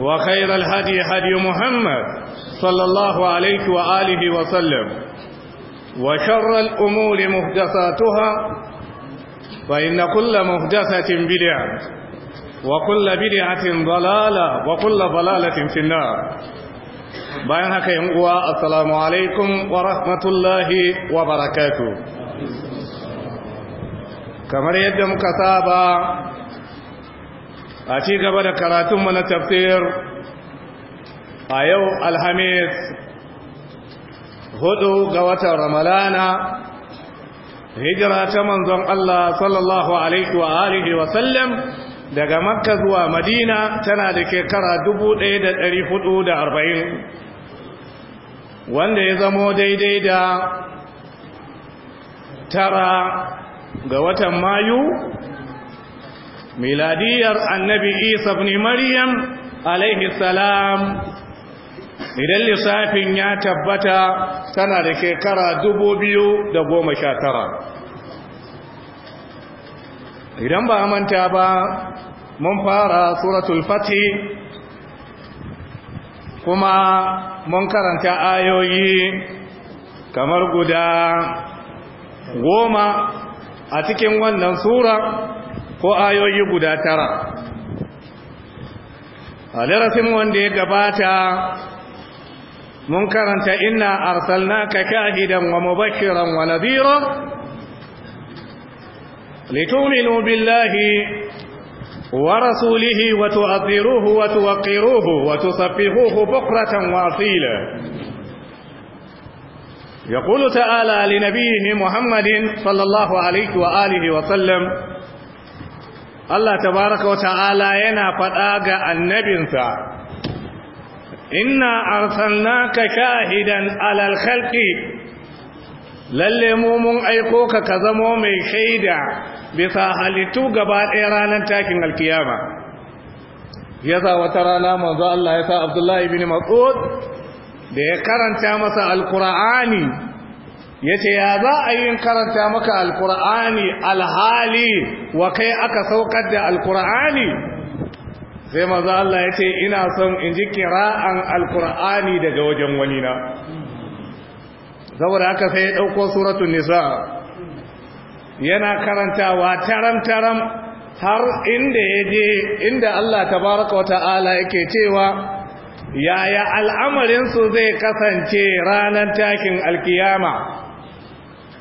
وخير الهدي هدي محمد صلى الله عليه وآله وسلم وشر الأمور مهدساتها فإن كل مهدسة بدعة وكل بدعة ضلالة وكل ضلالة في النار بينك هو السلام عليكم ورحمة الله وبركاته كما يدمك سابا a ci gaba da karatunmu na tafsir a yau alhamis hudu ga watan ramalana hijira ta manzon Allah sallallahu alaihi wa alihi wa sallam daga makka zuwa madina tana da kekara 1440 wanda ya zamo daidai da tara ga watan mayu miladiyar annabi isa ibn maryam alaihi salam idan lissafin ya tabbata tana da shekara tara. idan ba manta ba mun fara suratul fati kuma mun karanta ayoyi kamar guda goma a cikin wannan sura ko ayoyi guda tara a darasin wanda ya gabata mun karanta inna arsalnaka kahidan wa mubashiran wa nadhira litu'minu billahi ورسوله وتؤذروه وتوقروه وتصفحوه بكرة وأصيلا يقول تعالى لنبيه محمد صلى الله عليه وآله وسلم Allah tabaraka wa ta'ala yana faɗa ga annabinsa inna arsalnaka shahidan alal khalqi lalle mu mun aiko ka ka zamo mai shaida bisa halittu gaba ɗaya ranar takin alkiyama yasa wata rana manzo Allah ya sa Abdullahi ibn Mas'ud da ya karanta masa alkur'ani ya ce ya za a yi karanta maka alkur'ani alhali wa kai aka saukar da alkur'ani sai maza Allah ya ce ina son in ji kira'an alkur'ani daga wajen wani na saboda aka sai ɗauko suratun nisa yana karantawa taram-taram har inda yaje inda Allah tabaraka wa ta'ala yake cewa yaya al'amarinsu zai kasance ranar takin alkiyama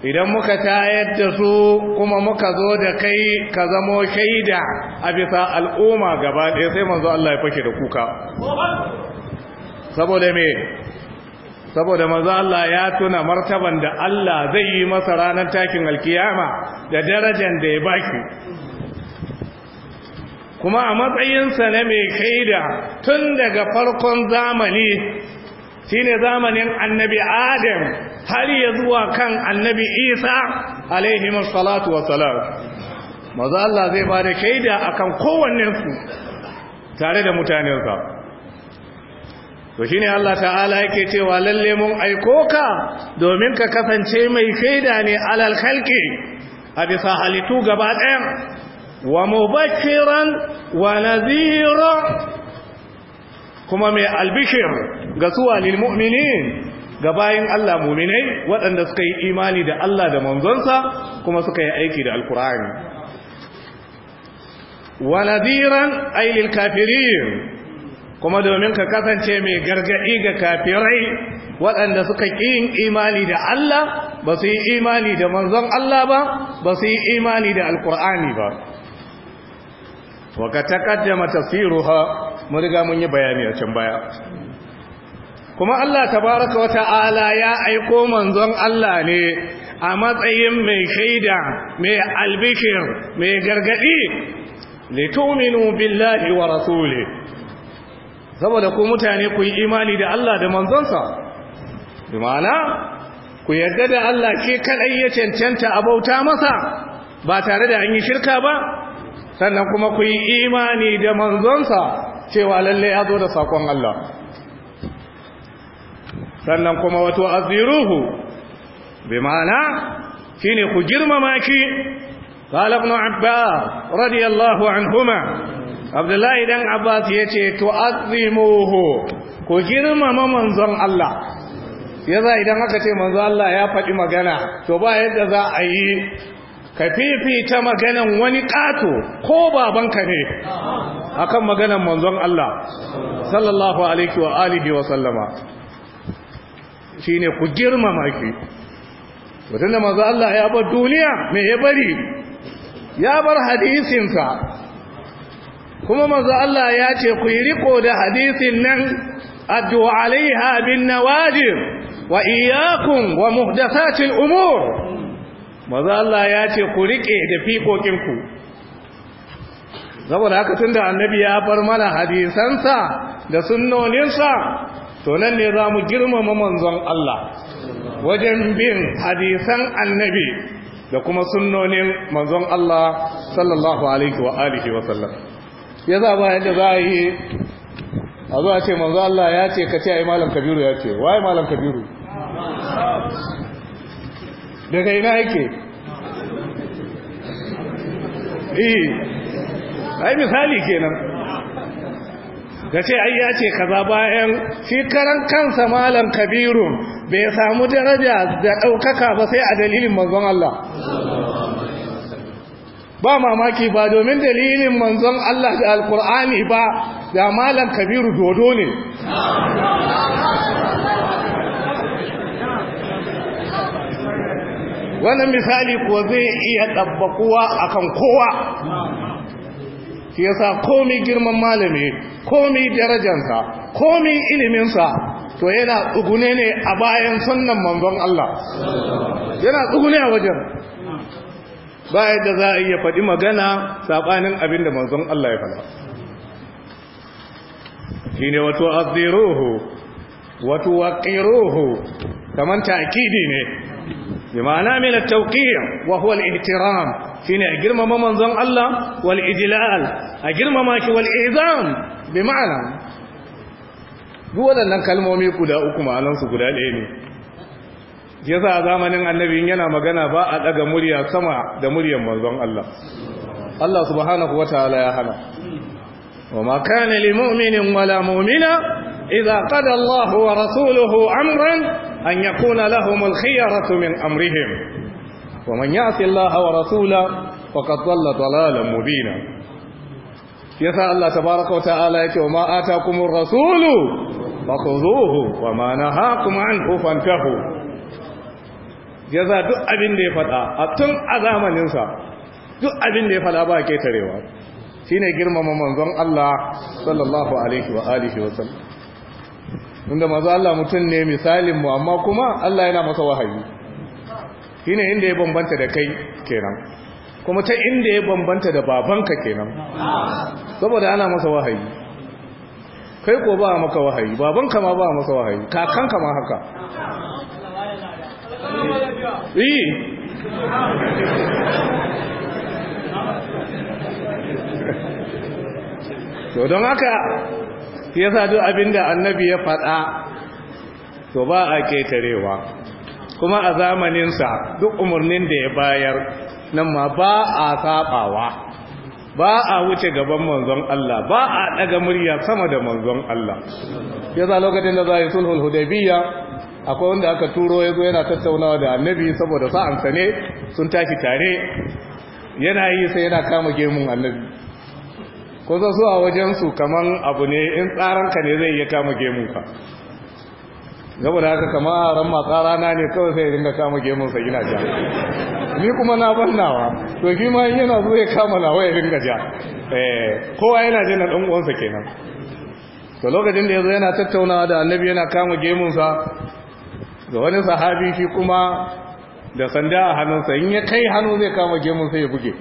idan muka tayar da su kuma muka zo da kai ka zamo shaida a bisa al'umma gaba ɗaya sai manzo Allah ya fake da kuka saboda me saboda manzo Allah ya tuna martaban da Allah zai yi masa ranar takin alkiyama da darajar da ya baki kuma a matsayinsa na mai kaida tun daga farkon zamani shine zamanin annabi adam har ya zuwa kan annabi isa alaihi salatu wassalam maza Allah zai ba da shaida kan kowannensu tare da mutanensa to shine Allah ta'ala yake cewa lalle mun aiko ka domin ka kasance mai shaida ne alal khalqi a bisa halittu gaba ɗaya wa mubashiran wa nadhira kuma mai albishir ga suwa lil ga bayan Allah mu'minai waɗanda suka yi imani da Allah da manzonsa kuma suka yi aiki da alkur'ani wa nadiran ay kafirin kuma domin ka kasance mai gargaɗi ga kafirai waɗanda suka ƙi yin imani da Allah ba su yi imani da manzon Allah ba ba su yi imani da alkur'ani ba wa ka taqaddama tafsiruha mun riga mun yi bayani a can baya kuma Allah tabaraka wa ya aiko manzon Allah ne a matsayin mai shaida mai albishir mai gargadi litu'minu billahi wa rasuli saboda ku mutane ku yi imani da Allah da manzonsa bi ku yarda da Allah ke kadai ya cancanta a bauta masa ba tare da an yi shirka ba sannan kuma ku yi imani da manzonsa cewa lalle ya zo da sakon Allah sannan kuma wato azziruhu bi ma'ana shine ku girmama ki qala ibn abbas radiyallahu anhuma abdullahi dan abbas yace to azzimuhu ku girmama manzon Allah yaza idan aka ce manzon Allah ya faɗi magana to ba yadda za a yi ka fifita maganan wani ƙato ko babanka ne akan maganan manzon Allah sallallahu alaihi wa alihi wa sallama ne ku girmama ki da manzon Allah ya bar duniya me ya bari ya bar hadisinsa kuma manzon Allah ya ce ku yi riko da hadisin nan addu alaiha bin nawajir wa iyyakum wa muhdathatil umur maza Allah ya ce ku riƙe da fiƙoƙinku saboda haka tun da annabi ya bar mana hadisansa da sunnoninsa to nan ne za mu girmama manzon Allah wajen bin hadisan annabi da kuma sunnonin manzon Allah sallallahu alaihi wa alihi wa sallam ya za ba yadda za a yi a zuwa ce manzon Allah ya ce ka ce ai malam kabiru ya ce waye malam kabiru daga ina yake eh ai misali kenan da ce ai ya ce kaza bayan shi karan kansa malam kabirun bai samu daraja da ɗaukaka ba sai a dalilin manzon Allah ba mamaki ba domin dalilin manzon Allah da alkur'ani ba da malam kabiru dodo ne wannan misali kuwa zai iya a kan kowa shi yasa komi girman malami komi darajansa komi iliminsa to yana tsugune ne a bayan sannan manzon Allah yana tsugune a wajen ba yadda za a iya faɗi magana saɓanin abin da manzon Allah ya faɗa shi ne wato azziruhu wato waƙiruhu kamar takidi ne bi ma'ana min at-tawqi' wa huwa al-ihtiram shine a girmama manzon Allah wal ijlal a girmama shi wal izam ma'ana duk waɗannan kalmomi guda uku ma'anansu guda ɗaya ne yasa a zamanin annabi yana magana ba a daga murya sama da muryar manzon Allah Allah subhanahu wataala ya hana wa ma kana lil mu'minin wala mu'mina إذا قضى الله ورسوله أمرا أن يكون لهم الخيرة من أمرهم ومن يعص الله ورسوله فقد ضل ضلالا مبينا يسأل الله تبارك وتعالى وما آتاكم الرسول فخذوه وما نهاكم عنه فانتهوا jaza duk abin da ya faɗa a tun a zamaninsa duk abin da ya faɗa ba ketarewa shine girmama manzon Allah sallallahu alaihi wa alihi wa sallam inda mazu Allah mutum ne misalin mu amma kuma Allah yana masa wahayi shine inda ya bambanta da kai kenan kuma ta inda ya bambanta da babanka kenan saboda ana masa wahayi kai ko ba maka wahayi babanka ma ba masa wahayi kakanka ma haka yi eh. to don haka ya yasa duk da annabi ya faɗa to ba a ketarewa kuma a zamaninsa duk umarnin da ya bayar nan ma ba a saɓawa ba a wuce gaban manzon Allah ba a ɗaga murya sama da manzon Allah yasa lokacin da za a yi sulhul hudabiya akwai wanda aka turo ya zo yana tattaunawa da annabi saboda sa'ansa ne sun tashi tare yana yi sai yana kama gemun annabi ko sa zuwa wajensu kamar abu ne in tsaranka ne zai iya kama gemunka gaba da haka kama ran matsa rana ne kawai sai ringa kama gemunsa gina ja ni kuma na bannawa to fi ma yana zo ya kama nawa ya ringa ja eh, kowa yana jin ɗan uwansa kenan to lokacin da ya zo yana tattaunawa da annabi yana kama gemunsa ga wani sahabi shi kuma da sanda a hannunsa in ya kai hannu zai kama gemunsa ya buge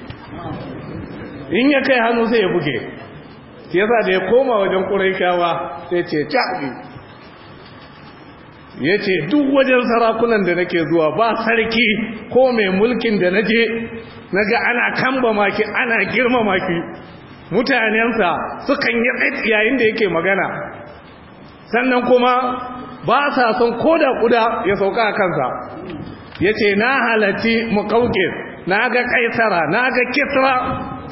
in ya kai hannu sai ya buge sai yasa da ya koma wajen ƙuraikawa sai ce ta'bi ya ce duk wajen sarakunan da nake zuwa ba sarki ko mai mulkin da naje ga ana kamba maki ana girma maki mutanensa sukan yi tsaye yayin da yake magana sannan kuma ba sa son da kuda ya sauka a kansa ya ce na halatti kauke na ga kaisara na ga kisra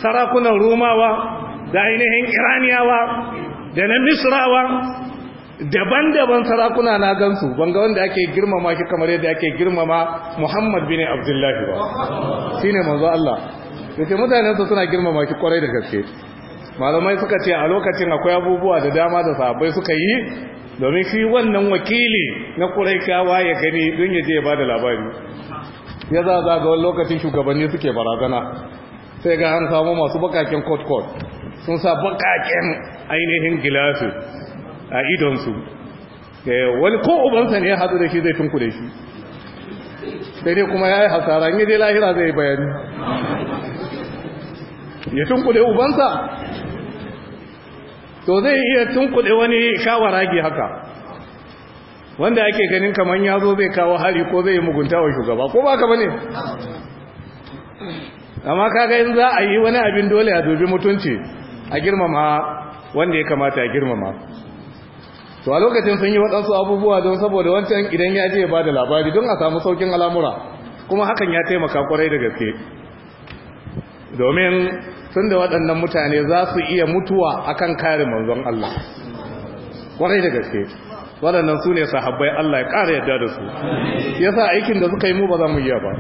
sarakunan rumawa da ainihin iraniyawa da na misrawa daban-daban sarakuna na gansu banga wanda ake girmama shi kamar yadda ake girmama muhammad bin abdullahi ba shi ne manzo Allah mutane mutanensa suna girmama shi kwarai da gaske malamai suka ce a lokacin akwai abubuwa da dama da sabai suka yi domin shi wannan wakili na kawa ya gani don ya je ya ba da labari ya za a ga lokacin shugabanni suke barazana sai ga an samu masu bakaken kot-kot sun sa bakaken ainihin gilasu a idonsu eh, wani ko ubansa ne ya hadu da shi zai tunku da shi sai dai kuma ya yi hasara ne dai lahira zai bayani ya tunku da ubansa to zai iya tunku da wani shawaragi haka wanda ake ganin kamar ya zo zai kawo hari ko zai mugunta wa shugaba ko ba ka ne? amma kaga in za a yi wani abin dole a dubi mutunci a girmama wanda ya kamata a girmama to a lokacin sun yi waɗansu abubuwa don saboda wancan idan ya je ba da labari don a samu saukin al'amura kuma hakan ya taimaka kwarai da gaske domin tun da waɗannan mutane za su iya mutuwa akan kare manzon Allah kwarai da gaske waɗannan su ne sahabbai Allah ya ƙara yadda da su yasa aikin da suka yi mu ba za mu yi ba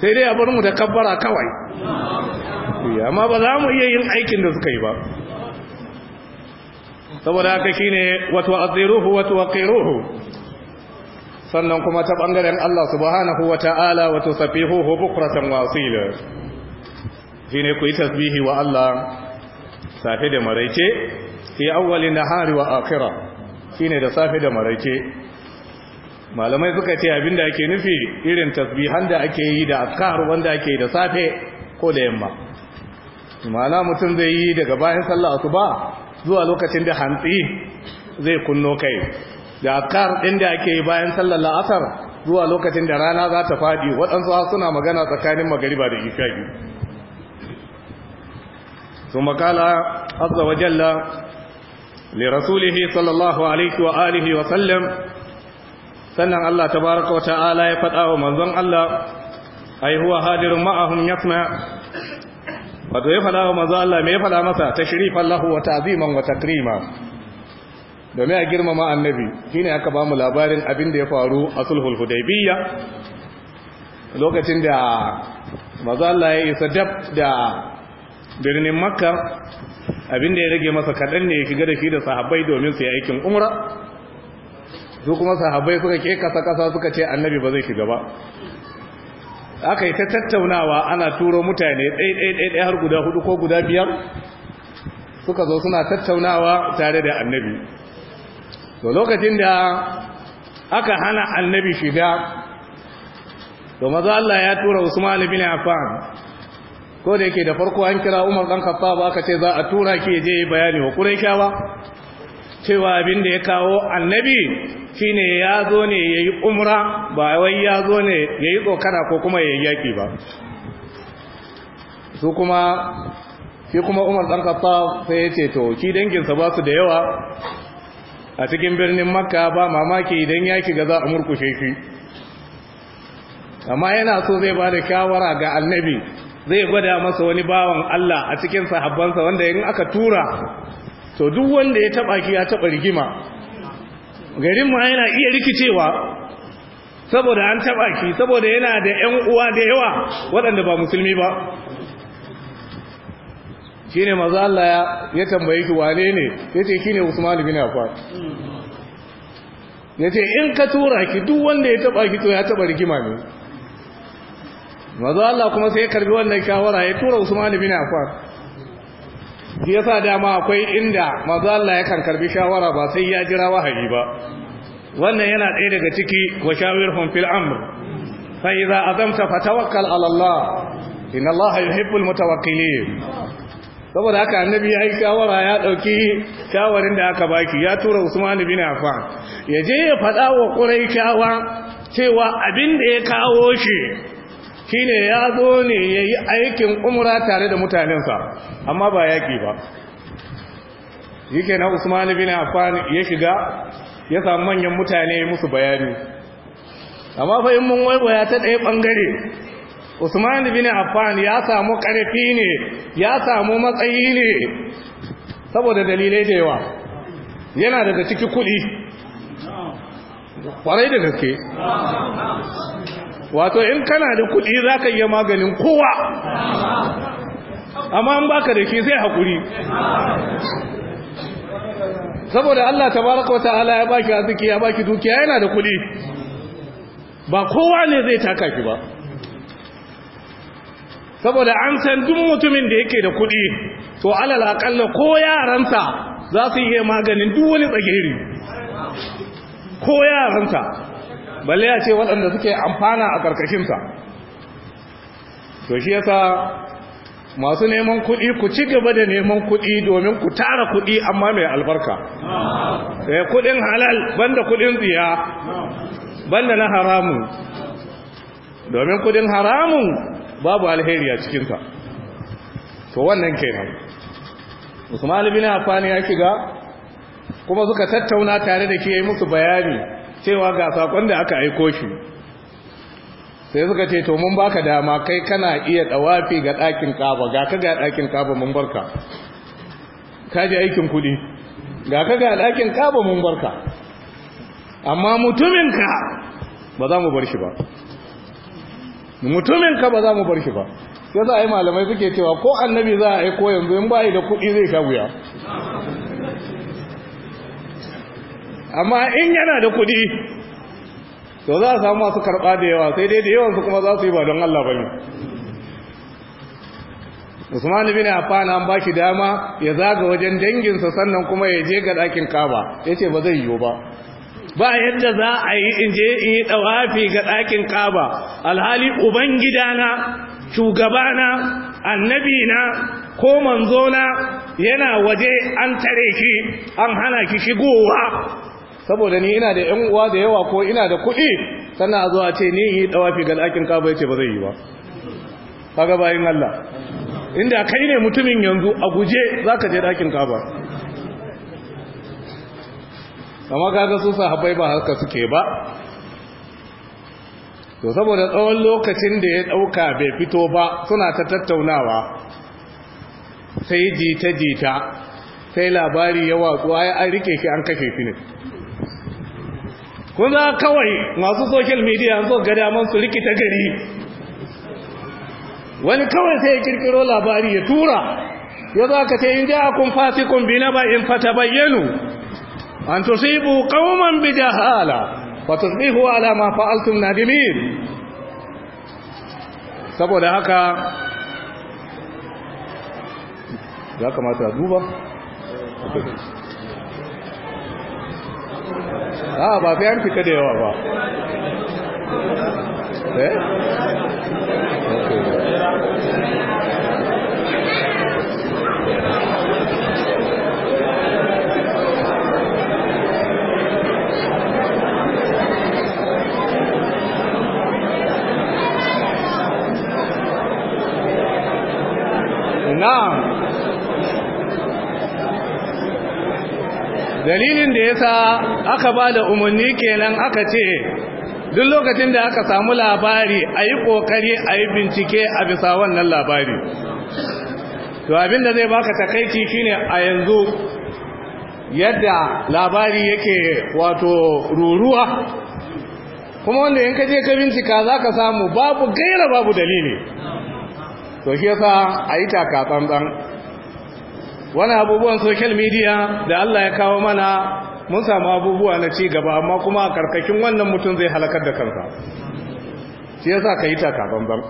sai dai a bar mu da kabbara kawai eh, amma ba za mu iya yin aikin da suka yi ba saboda haka shine wato aziruhu wato waqiruhu sannan kuma ta bangaren Allah subhanahu wataala wato safihuhu bukratan wa Shi ne ku yi tasbihi wa Allah safi da maraice fi awwalin nahari wa shi shine da safe da maraice malamai suka ce abin da ake nufi irin tasbihan da ake yi da azkar wanda ake da safe ko da yamma mana mutum zai yi daga bayan sallah asuba zuwa lokacin da hantsi zai kunno kai da azkar din da ake yi bayan sallar la'asar zuwa lokacin da rana za ta fadi waɗansu suna magana tsakanin magariba da isha'i ثم قال عز rasulihi sallallahu alaihi wa alihi wa sallam. sannan Allah tabaraka wa ta'ala ya faɗa wa manzon Allah ai huwa hadirun ma'ahum yasma wato ya faɗa wa manzon Allah me ya faɗa masa tashrifan lahu wa ta'ziman wa takrima domin a girmama annabi shine aka ba mu labarin abin da ya faru a sulhul hudaybiyya lokacin da manzon Allah ya isa dab da birnin makka abin da ya rage masa kaɗan ne ya shiga da shi da sahabbai domin su yi aikin umra su kuma sahabbai suka ke kasa kasa suka ce annabi ba zai shiga ba aka yi ta tattaunawa ana turo mutane ɗaiɗaiɗaiɗai har guda hudu ko guda biyar suka zo suna tattaunawa tare da annabi to lokacin da aka hana annabi shiga to maza Allah ya tura Usman bin Affan ko da yake da farko an kira Umar dan Khattab aka ce za a tura ki je bayani wa ba? cewa abin da ya kawo annabi shine ya zo ne ya yi umra ba wai ya zo ne ya yi tsokara ko kuma ya yi yaƙi ba su kuma fi kuma umar ɗan kafa sai ya ce to ki danginsa ba su da yawa a cikin birnin makka ba mamaki idan ya shiga za a murkushe shi amma yana so zai ba da shawara ga annabi zai gwada masa wani bawan Allah a cikin sahabbansa wanda in aka tura to duk wanda ya taba ki ya taba rigima garin ma yana iya rikicewa saboda an taba ki saboda yana da ƴan uwa da yawa waɗanda ba musulmi ba shine maza Allah ya tambaye ki wane ne yace kine Usman bin Affan yace in ka tura ki duk wanda ya taba ki to ya taba rigima ne maza Allah kuma sai ya karbi wannan shawara ya tura Usman bin Affan shi yasa dama akwai inda manzo Allah yakan karbi shawara ba sai ya jira wahayi ba wannan yana ɗaya daga ciki wa shawirhum fil amr fa idza azamta fatawakkal ala Allah inna Allah yuhibbul mutawakkilin saboda haka annabi ya yi shawara ya ɗauki shawarin da aka baki ya tura usman bin affan ya je ya faɗa wa ƙuraishawa cewa abin da ya kawo shi ne ya zo ne ya yi aikin umra tare da mutanensa amma ba yaƙi ba yake na Usman bin Affan ya shiga ya samu manyan mutane musu bayani amma fa in mun waiwaya ta ɗaya bangare Usman bin Affan ya samu ƙarfi ne ya samu matsayi ne saboda dalilai da yawa yana daga ciki kuɗi kwarai da gaske wato in kana da kuɗi za ka iya maganin kowa amma an baka da ke sai haƙuri saboda Allah tabaraka wa ta'ala ya baki arziki ya baki dukiya yana da kuɗi ba kowa ne zai taka ki ba saboda an san duk mutumin da yake da kuɗi to alal aƙalla ko yaransa za su iya maganin duk wani tsageri ko yaransa balle ya ce waɗanda suke amfana a ƙarƙashinsa to shi yasa masu neman kuɗi ku ci gaba da neman kuɗi domin ku tara kuɗi amma mai albarka sai eh, kuɗin halal banda kuɗin tsiya banda na haramun domin kuɗin haramun babu alheri a cikinsa to wannan kenan usman ibn affan ya shiga kuma suka tattauna tare da ke musu bayani cewa ga sakon da aka aiko shi sai suka ce to mun baka dama kai kana iya dawafi ga ɗakin kaba ga ka ga ɗakin kaba mun barka ka ji aikin kudi ga ka ga ɗakin kaba mun barka amma mutuminka ba za mu bar shi ba mutuminka ba za mu bar shi ba sai za a yi malamai suke cewa ko annabi za a aiko yanzu in ba da kuɗi zai sha wuya amma in yana da kuɗi to za a samu masu karɓa da yawa sai dai da yawansu kuma za su yi ba don Allah bane Usman bin Affan an bashi dama ya zaga wajen danginsa sannan kuma ya je ga ɗakin Kaba yace ba zai yiwu ba ba yadda za a yi in je in yi tawafi ga ɗakin Kaba alhali uban gidana annabi na, ko manzona yana waje an tare shi an hana shi shigowa saboda ni ina da yan uwa da yawa ko ina da kuɗi sannan a zo a ce ni yi dawafi ga ɗakin kaba yace ba zai yi ba kaga bayin Allah inda kai ne mutumin yanzu a guje zaka je ɗakin kaba amma kaga su sahabbai ba haka suke ba to saboda tsawon lokacin da ya ɗauka bai fito ba suna ta tattaunawa sai jita-jita sai labari ya watsu ai an rike shi an kashe shi ne kuma kawai masu social media an zo ga daman su rikita gari wani kawai sai ya kirkiro labari ya tura ya za ka ce inda ja kun fasi kun bi na ba'in fata bayyanu an tusibu qauman bi jahala fa tusbihu ala ma fa'altum nadimin saboda haka ya kamata duba a ah, ba fi an fita da yawa ba eh? dalilin da yasa aka ba da umarni kenan aka ce duk lokacin da aka samu labari ayi yi ƙoƙari a bincike a bisa wannan labari to abin da zai baka takaici shine a yanzu yadda labari yake wato ruruwa kuma wanda yanka je ka bincika za ka samu babu gaira babu dalili to shi yasa a yi takatsantsan wani abubuwan social media da Allah ya kawo mana mun samu abubuwa na ci gaba amma kuma a karkakin wannan mutum zai halakar da kansa shi yasa ka yi taka banban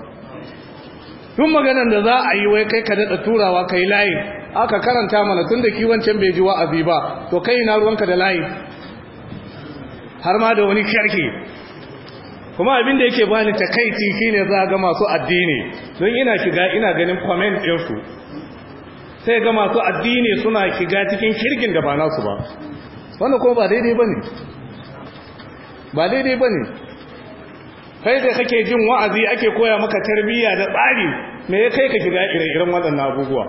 tun maganar da za a yi wai kai ka daɗa turawa ka yi layi aka karanta mana tun da kiwancan bai ji wa'azi ba to kai na ruwanka da layi har ma da wani kyarki kuma abin da yake bani takaici shine za ga masu addini don ina shiga ina ganin comment ɗinsu sai ga masu addini suna kiga cikin kirgin da ba nasu ba wanda kuma ba daidai ba ne ba daidai ba ne kai da kake jin wa'azi ake koya maka tarbiyya da tsari me ya kai ka shiga ire-iren abubuwa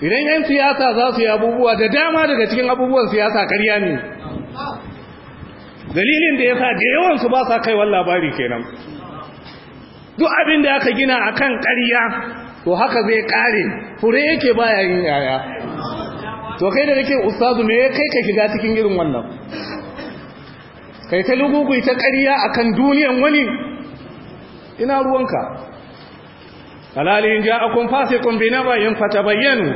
idan 'yan siyasa za su yi abubuwa da dama daga cikin abubuwan siyasa karya ne dalilin da ya sa da yawansu ba sa kaiwan labari kenan duk abin da aka gina a kan karya to haka zai kare fure yake baya yin yaya to kai da nake ustazu me ya kai ka shiga cikin irin wannan kai ta lugugu ta ƙarya akan duniyan wani ina ruwanka alali in ja'akum fasiqun binaba'in fatabayyanu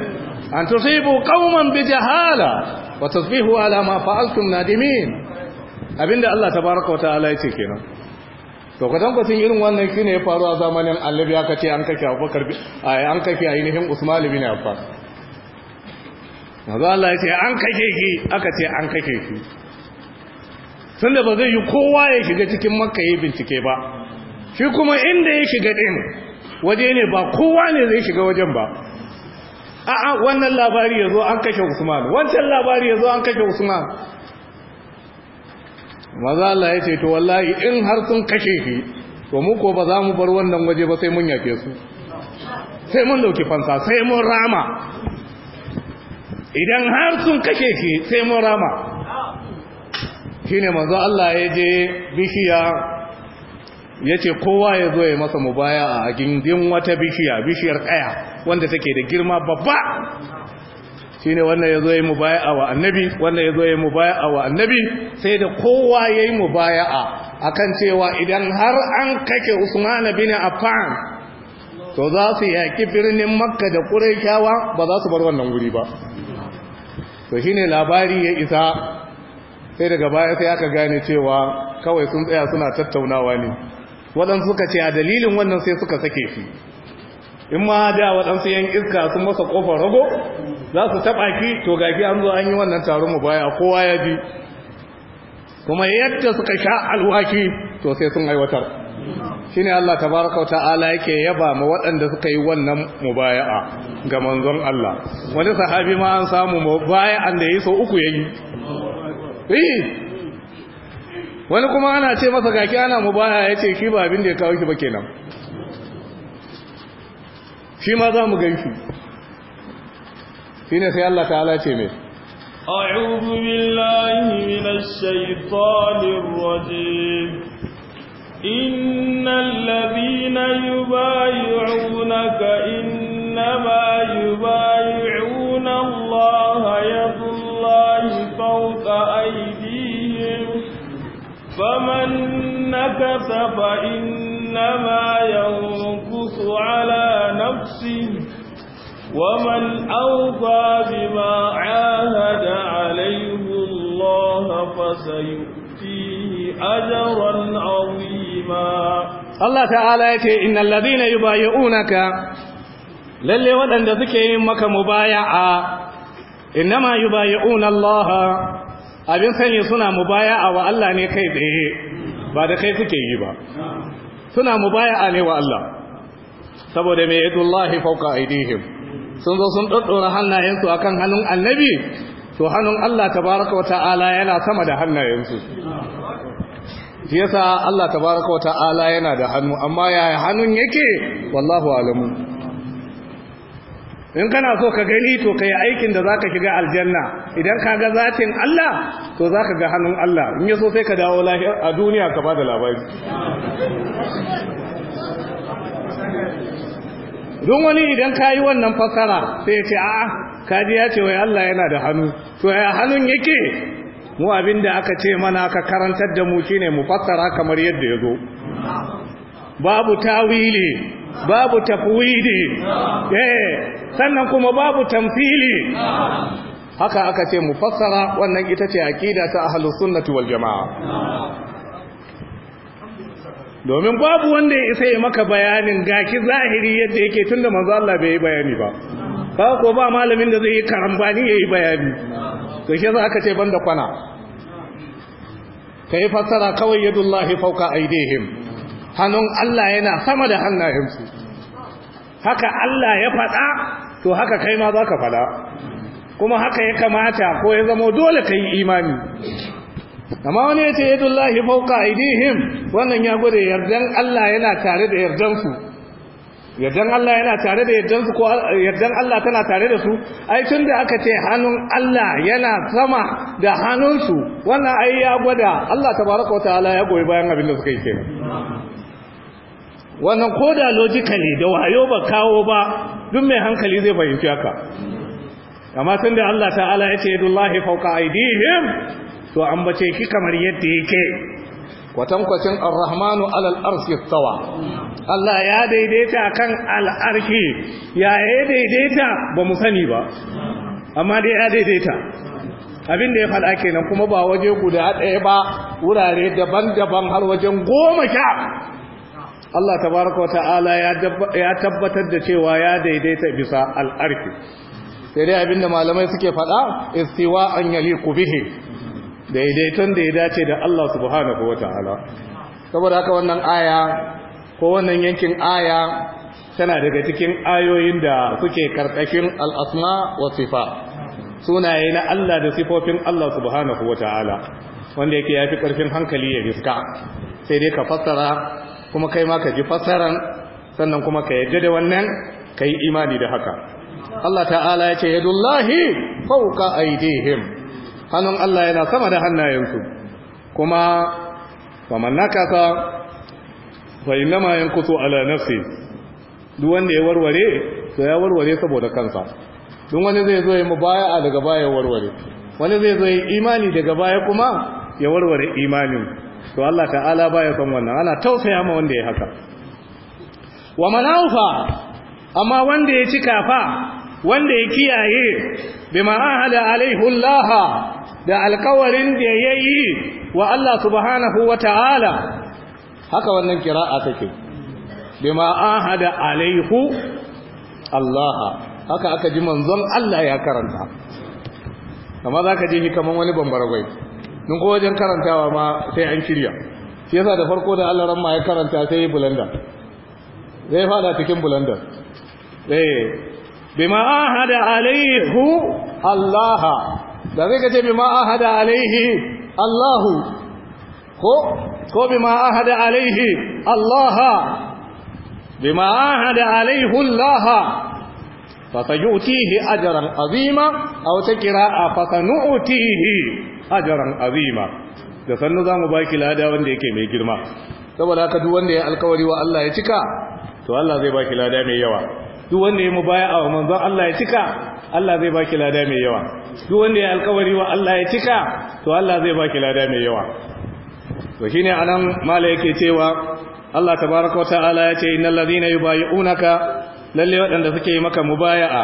an tusibu qauman bijahala wa tasbihu ala ma fa'altum nadimin abinda Allah tabaaraka wa ta'ala yake kenan to kwatankwacin irin wannan shi ne ya faru a zamanin annabi aka ce an kashe abubakar an kashe ainihin usman bin affan manzo Allah ya ce an kashe ki aka ce an kashe ki tunda ba zai yi kowa ya shiga cikin makka ya bincike ba shi kuma inda ya shiga din waje ne ba kowa ne zai shiga wajen ba a'a wannan labari ya zo an kashe usman wancan labari ya zo an kashe usman maza Allah ya ce to wallahi in har sun kashe shi to mu ko ba za mu bar wannan waje ba sai mun yafe su sai mun dauki fansa sai mun rama idan har sun kashe shi sai mun rama Shi ne maza Allah ya je bishiya ya ce kowa ya zo ya masa mubaya a gindin wata bishiya bishiyar kaya wanda take da girma babba Shi ne wannan yazo yi mubaya'a wa annabi wannan yazo yi mubaya'a wa annabi sai da kowa ya yayi mubaya'a akan cewa idan har an kake Usman bin Affan to za su yaki birnin Makka da kyawa, ba za su bar wannan guri ba to shi ne labari ya isa sai daga baya sai aka gane cewa kawai sun tsaya suna tattaunawa ne waɗansu suka ce a dalilin wannan sai suka sake shi in ma da waɗansu yan iska sun masa ƙofar rago za su taɓa ki to gaki an zo an yi wannan taron mu baya kowa ya bi kuma yadda suka sha alwaki to sai sun aiwatar Shi ne Allah tabaraka ta'ala yake yaba ma waɗanda suka yi wannan mubaya'a ga manzon Allah wani sahabi ma an samu mubaya'an da yi sau uku yayi yi. Eh! wani kuma ana ce masa gaki ana mubaya ya ce shi ba abin da ya kawo shi ba kenan shi ma za mu gan shi shi ne sai Allah ta'ala ce mai a'udhu billahi minash shaitanir rajim innal ladina yubayyi'unaka innama yubayyi'una Allah yadullahi fawqa aydihim faman nakasa fa innama yawm نفسه ومن أوفى بما عاهد عليه الله فسيؤتيه أجرا عظيما الله تعالى يتي إن الذين يبايعونك للي ودن ذكي مك مبايعا إنما يبايعون الله abin sani suna mubaya'a wa Allah ne kai tsaye ba da kai suke yi ba suna mubaya'a ne wa Allah saboda mai ya fauka aidihim sun zo sun daddora hannayensu akan hannun annabi to hannun Allah tabaraka wa ta'ala yana sama da hannayensu shi yasa Allah tabaraka wa ta'ala yana da hannu amma yaya hannun yake wallahu alamu in kana so ka gani to kai aikin da zaka shiga aljanna idan ka ga zatin Allah to zaka ga hannun Allah in yaso sai ka dawo a duniya ka bada labari don wani idan ka yi wannan fassara sai ya ce a'a kaji ya ce wai Allah yana da hannu to ya hannun yake mu abin da aka ce mana ka karantar da mu shine mu fassara kamar yadda ya zo babu tawili babu tafwidi eh sannan kuma babu tamfili haka aka ce mu fassara wannan ita ce aqida ta ahlus sunnati wal jamaa domin babu wanda ya isa ya maka bayanin gashi zahiri yadda yake tunda manzo Allah bai yi bayani ba ba ko ba malamin da zai yi karambani ya yi bayani to shi yasa aka ce banda kwana kai fassara kawai ya yadullahi fawqa him. hannun Allah yana sama da hannayensu haka Allah ya faɗa to haka kai ma zaka faɗa kuma haka ya kamata ko ya zamo dole kai imani amma wani ya ce ya dullahi, fauka aidihim wannan ya gode yardan Allah yana tare da yardan su yardan Allah yana tare da yardan su ko yardan Allah tana tare da su ai tun da aka ce hannun Allah yana sama da hannun su wannan ai ya gwada Allah tabaraka wa ta'ala ya goyi bayan abin da suka yi kenan wannan koda logically da wayo ba kawo ba duk mai hankali zai fahimci haka amma tun da Allah ta'ala ya ce yadullahi fauka aidihim to an bace ki kamar yadda yake kwatankwacin arrahmanu alal arshi tsawa Allah ya daidaita kan al'arshi ya ya daidaita ba mu sani ba amma dai ya daidaita abin da ya faɗa kenan kuma ba waje guda ɗaya ba wurare daban-daban har wajen goma sha Allah tabaraka ta'ala ya tabbatar da cewa ya daidaita bisa al'arki sai dai abin malamai suke faɗa istiwa an ku bihi daidaiton da ya dace da Allah subhanahu wata'ala saboda haka wannan aya ko wannan yankin aya tana daga cikin ayoyin da suke karkashin al'asma wa sifa sunaye na Allah da sifofin Allah subhanahu wata'ala wanda yake fi ƙarfin hankali ya riska sai dai ka fassara kuma kai ma ka ji fassaran sannan kuma ka yadda da wannan ka yi imani da haka Allah ta'ala ya ce yadullahi fawqa him. hannun Allah yana sama da hannayensu kuma faman nakasa fa innama yankusu ala nafsi duk wanda ya warware to ya warware saboda kansa duk wani zai zo ya mubaya'a daga baya ya warware wani zai zo ya imani daga baya kuma ya warware imanin to Allah ta'ala baya son wannan ana tausaya ma wanda ya haka wa manaufa amma wanda ya cika fa wanda ya kiyaye bima ahada alaihi Allah da alkawarin da ya yi wa Allah subhanahu wa ta'ala haka wannan kira'a take bima ahada alaihu Allah haka aka ji manzon Allah ya karanta amma za ka je ni kamar wani bambaragwai nun ko wajen karantawa ma sai an kirya shi yasa da farko da Allah ma ya karanta sai yi bulanda zai fada cikin bulanda eh bima ahada alaihu Allah da zai ka ce bi ma'ahada alaihi Allahu ko ko bi ma'ahada alaihi Allaha bi ma'ahada alaihi Allaha fasayutihi ajaran azima A aw ta qira'a fasanu'tihi ajaran azima da sannu za mu ba ki lada wanda yake mai girma saboda haka duk wanda ya alkawari wa Allah ya cika to Allah zai ba ki lada mai yawa duk wanda ya mu mubaya'a wa manzon Allah ya cika Allah zai ba ki lada mai yawa duk wanda ya alkawari wa Allah ya cika to Allah zai baki lada mai yawa to shine anan mala yake cewa Allah tabaraka Ta'ala ya ce innal ladina yubayyi'unaka lalle waɗanda suke yi maka mubaya'a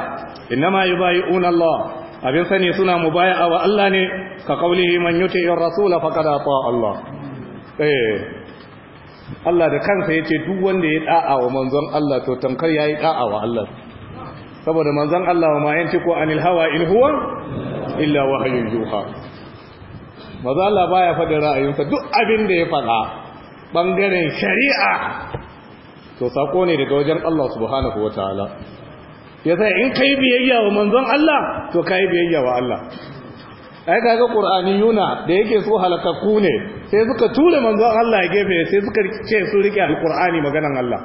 innama yubayyi'una Allah abin sani suna mubaya'a wa Allah ne ka kaulihi man yuti'ir rasula faqad ata Allah eh Allah da kansa yace duk wanda ya da'a wa manzon Allah to tankar yayi da'a wa Allah saboda manzon Allah wa ma yantiqu anil hawa in huwa illa wahyun yuha manzon Allah baya faɗin ra'ayinsa duk abin da ya faɗa bangaren shari'a to sako ne daga wajen Allah subhanahu wataala yasa in kai biyayya wa manzon Allah to kai biyayya wa Allah ai kaga yuna da yake so halakakku ne sai suka tura manzon Allah ya gefe sai suka ce su rike alqur'ani maganan Allah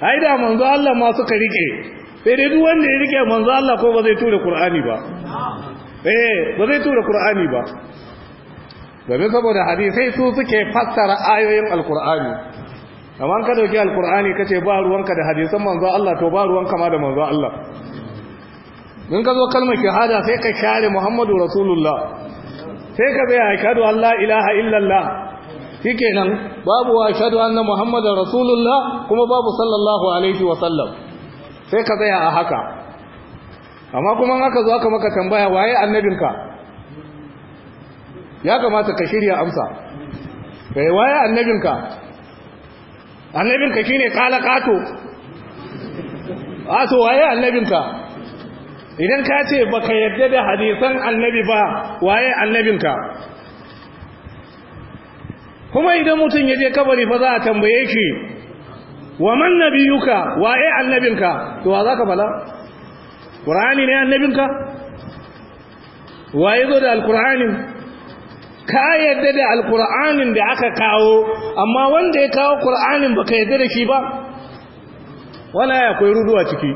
ai da manzo Allah ma suka rike sai dai duk wanda ya rike manzo Allah ko ba zai tura Qur'ani ba eh ba zai tura Qur'ani ba domin saboda hadisai su suke fassara ayoyin alkur'ani amma ka dauki alkur'ani kace ba ruwanka da hadisan manzo Allah to ba ruwanka ma da manzo Allah in ka zo kalmar shahada sai ka kare Muhammadu Rasulullah sai ka tsaya ka do Allah ilaha illallah shikenan babu wa shadu anna muhammadar rasulullah kuma babu sallallahu alaihi wa sallam sai ka tsaya a haka amma kuma aka zo aka maka tambaya waye annabinka ya kamata ka shirya amsa kai eh, waye annabinka annabinka shine kala kato wato waye annabinka idan ka ce baka yadda da hadisan annabi ba waye annabinka kuma idan mutum ya je kabari fa za a tambaye shi wa man nabiyuka waye annabinka to wa za ka fala qur'ani ne annabinka waye zo da alqur'ani ka yadda da alqur'anin da aka kawo amma wanda ya kawo ƙur'anin baka yadda da shi ba wala ya koyi ruduwa ciki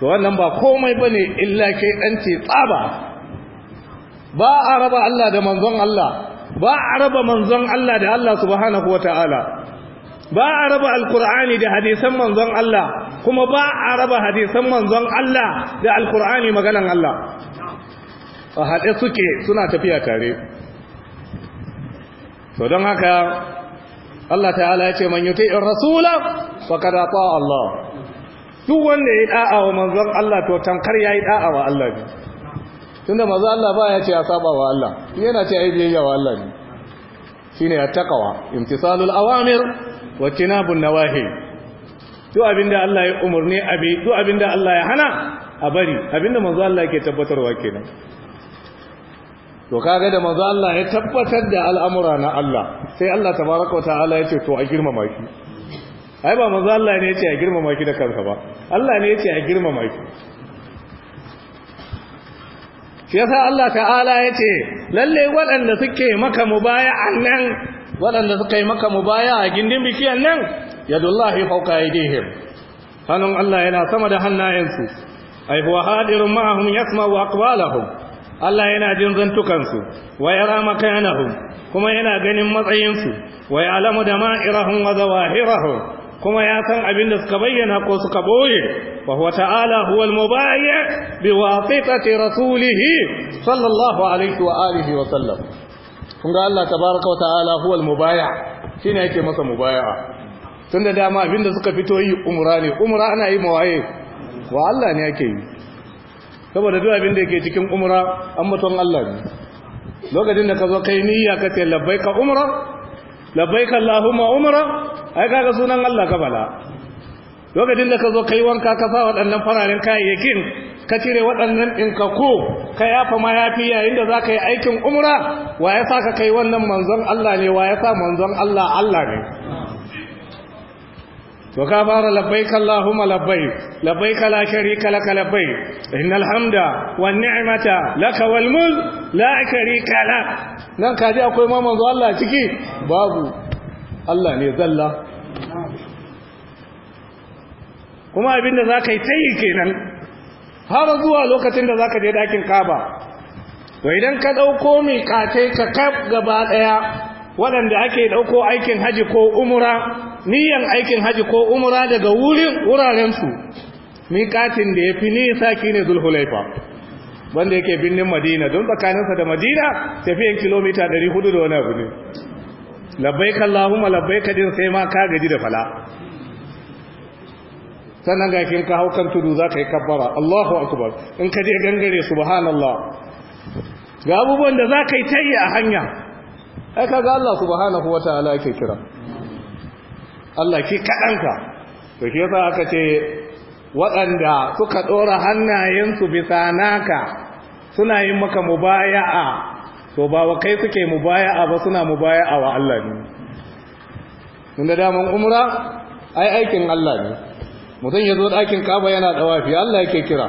to wannan ba komai bane illa kai dan tsaba ba a raba Allah da manzon Allah ba a raba manzon Allah da Allah subhanahu wataala ba a raba alkur'ani da hadisan manzon Allah kuma ba a raba hadisan manzon Allah da alkur'ani maganan Allah a haɗe suke suna tafiya tare to don haka Allah ta'ala ya ce man yuti rasula kada ta Allah duk wanda ya da'a wa manzon Allah to tankar yayi da'a wa Allah ne tunda maza Allah ba ya ce ya saba wa Allah yana ce a yi biyayya wa Allah ne ya takawa imtisalul awamir wa na wahe duk abinda Allah ya umarni abi duk abinda Allah ya hana a bari abinda manzo Allah ke tabbatarwa nan to kaga da manzo Allah ya tabbatar da al'amura na Allah sai Allah tabaraka Allah ya ce to a girmama ki ai ba manzo Allah ne ya ce a girmama ki da kansa ba Allah ne ya ce a girmama ki yasa Allah ta'ala ya ce lalle waɗanda suke maka mubaya'an nan waɗanda suka yi maka mubaya a gindin bikiyan nan yadullahi fauka aydihim hannun Allah yana sama da hannayensu ai huwa hadirun ma'ahum yasma'u aqwalahum Allah yana jin zantukansu wa yara makanahum kuma yana ganin matsayinsu wa ya'lamu ma'irahum wa zawahirahum kuma ya san abin da suka bayyana ko suka boye wa huwa ta'ala huwa al-mubayyi bi wasitati rasulih sallallahu alaihi wa alihi wa sallam kun ga Allah tabaaraka wa ta'ala huwa al-mubayyi shine yake masa mubayya tunda dama abin da suka fito yi umra ne umra ana yi mawaye wa Allah ne yake yi saboda duk abin da yake cikin umra an mutum Allah ne lokacin da ka zo kai niyya ka ce labbaika umra labbaika Allahumma umra ai kaga sunan Allah ka bala lokacin da ka zo kai wanka ka sa waɗannan fararen kayayyakin ka cire waɗannan ɗinkaku ka ko ka yafa yafi yayin da za ka yi aikin umra wa ya sa ka kai wannan manzon Allah ne wa ya sa manzon Allah Allah ne to ka fara labbaik Allahumma labbaik labbaik la sharika lak labbaik innal hamda wan ni'mata lak wal mulk la sharika lak nan kaji akwai ma manzo Allah ciki babu Allah ne zalla kuma abinda zaka yi tayi kenan har zuwa lokacin da zaka je dakin Kaaba to idan ka dauko mai katai ka kaf gaba daya waɗanda ake ɗauko aikin haji ko umura niyan aikin haji ko umura daga wurin wurarensu miƙatin da ya fi nisa ki ne zulhulaifa wanda yake binnin madina don tsakaninsa da madina tafiyan kilomita 400 da wani abu ne labbaik allahumma labbaik din sai ma ka gaji da fala sannan ga kin ka haukan tudu za ka yi kabbara allahu akbar in ka je gangare subhanallah ga abubuwan da za ka yi tayi a hanya ai kaga Allah subhanahu wataala yake kira Allah ki kadanka to shi yasa aka ce waɗanda suka ɗora hannayensu bisa naka suna yin maka mubaya'a to ba wa kai suke mubaya'a ba suna mubaya'a wa Allah ne da daman umra ai aikin Allah ne mutum ya zo ɗakin kaba yana ɗawafi Allah yake kira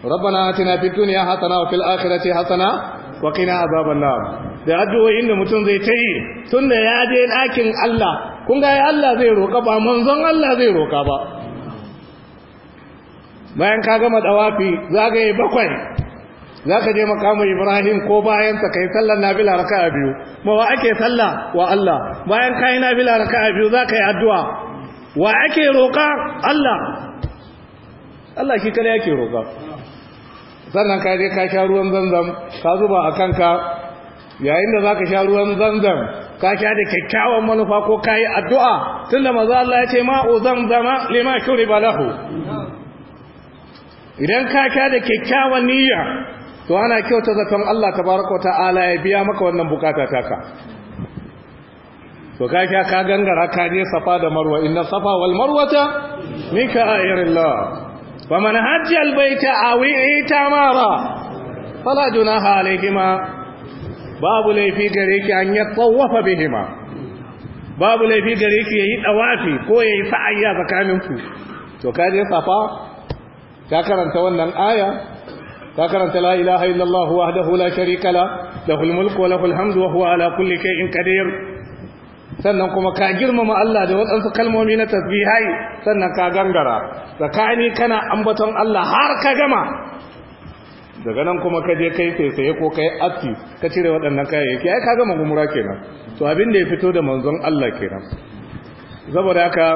rabbana atina fid dunya hasana wa fil akhirati hasana wa qina azaban nar da addu'o'in da mutum zai ta yi tunda ya je ɗakin Allah kun ga Allah zai roƙa ba manzon Allah zai roƙa ba bayan ka gama dawafi yi bakwai zaka je makamu Ibrahim ko bayan ta kai sallar nafila raka'a biyu ma wa ake sallah wa Allah bayan kai nafila raka'a biyu zaka yi addu'a wa ake roƙa Allah Allah shi kare yake roƙa sannan ka je ka sha ruwan zanzam ka zuba a kanka yayin da za ka sha ruwan zanzam ka sha da kyakkyawan manufa ko ka yi addu'a Tunda da maza Allah ya ce ma'u zanzama lima shiri balahu idan ka sha da kyakkyawan niyya to ana kyauta zaton Allah tabaraka ta'ala ya biya maka wannan bukata taka to ka sha ka gangara ka je safa da marwa inna safa wal marwata min ka'irillah ومن هج البيت أو إتمارا فلا جناح عليهما باب لي في غريك أن يتطوف بهما باب لي في غريك يهي دوافي كو يهي سعيا تكامنكو تو كاجي صفا كاكرنت wannan aya كاكرنت لا إله إلا الله وحده لا شريك له له الملك وله الحمد وهو على كل شيء قدير sannan kuma ka girmama Allah da waɗansu kalmomi na tasbihai sannan ka gangara tsakani kana ambaton Allah har ka gama daga nan kuma ka je kai sai ko kai afi ka cire waɗannan kayayyaki ai ka gama gumura kenan to abin da ya fito da manzon Allah kenan saboda haka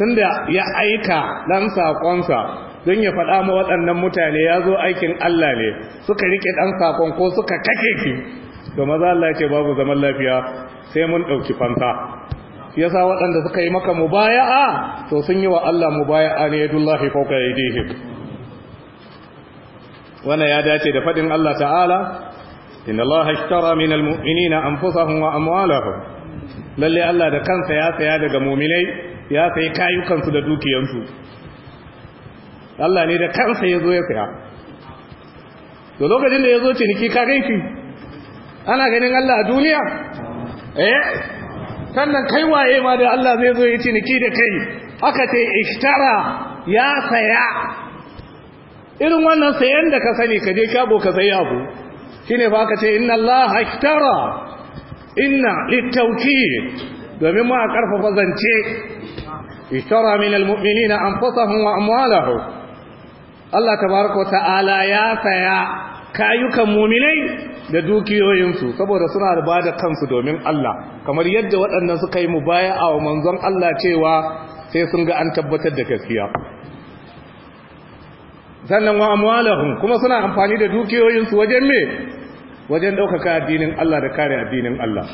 tunda ya aika dan sakonsa don ya faɗa ma waɗannan mutane ya zo aikin Allah ne suka rike ɗan sakon ko suka kake ki to maza Allah ya ce babu zaman lafiya sai mun ɗauki fanka yasa waɗanda suka yi maka mubaya'a to sun yi wa Allah mubaya'a ne yadullahi fawqa aydihim wannan ya dace da faɗin Allah ta'ala inna Allah ishtara min almu'minina anfusahum wa amwalahum lalle Allah da kansa ya saya daga mu'minai ya sayi kayukansu da dukiyansu Allah ne da kansa ya zo ya saya to lokacin da ya zo ciniki ka ganki ana ganin Allah a duniya eh sannan kai waye ma da Allah zai zo ya ciniki da kai aka ce ishtara ya saya irin wannan sayan da ka sani ka je shago ka sayi abu shine fa aka ce inna Allah ishtara inna litawkid domin ma karfafa zance ishtara min almu'minina anfusahum wa amwalahum Allah tabaraka wa ta'ala ya saya kayukan mu'minai da dukiyoyinsu saboda suna da bada kansu domin Allah kamar yadda waɗannan suka yi mu baya wa manzon Allah cewa sai sun ga an tabbatar da gaskiya sannan wa amwalahum kuma suna amfani da dukiyoyinsu wajen me wajen ɗaukaka addinin Allah da kare addinin Allah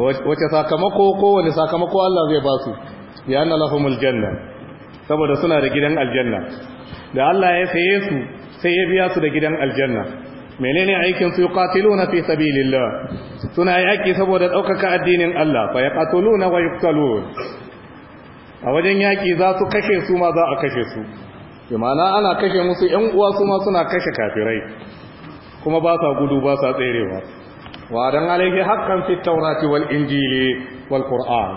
wace sakamako ko wani sakamako Allah zai ba su ya na janna saboda suna da gidan aljanna da Allah ya saye sai ya biya su da gidan aljanna menene aikin su yuqatiluna fi sabilillah suna yaki saboda daukaka addinin Allah fa yaqatuluna wa yuqtalun a wajen yaki za su kashe su ma za a kashe su bi ana kashe musu ƴan uwa su ma suna kashe kafirai kuma ba sa gudu ba sa tserewa wa dan alaihi haqqan fi tawrati wal injili wal qur'an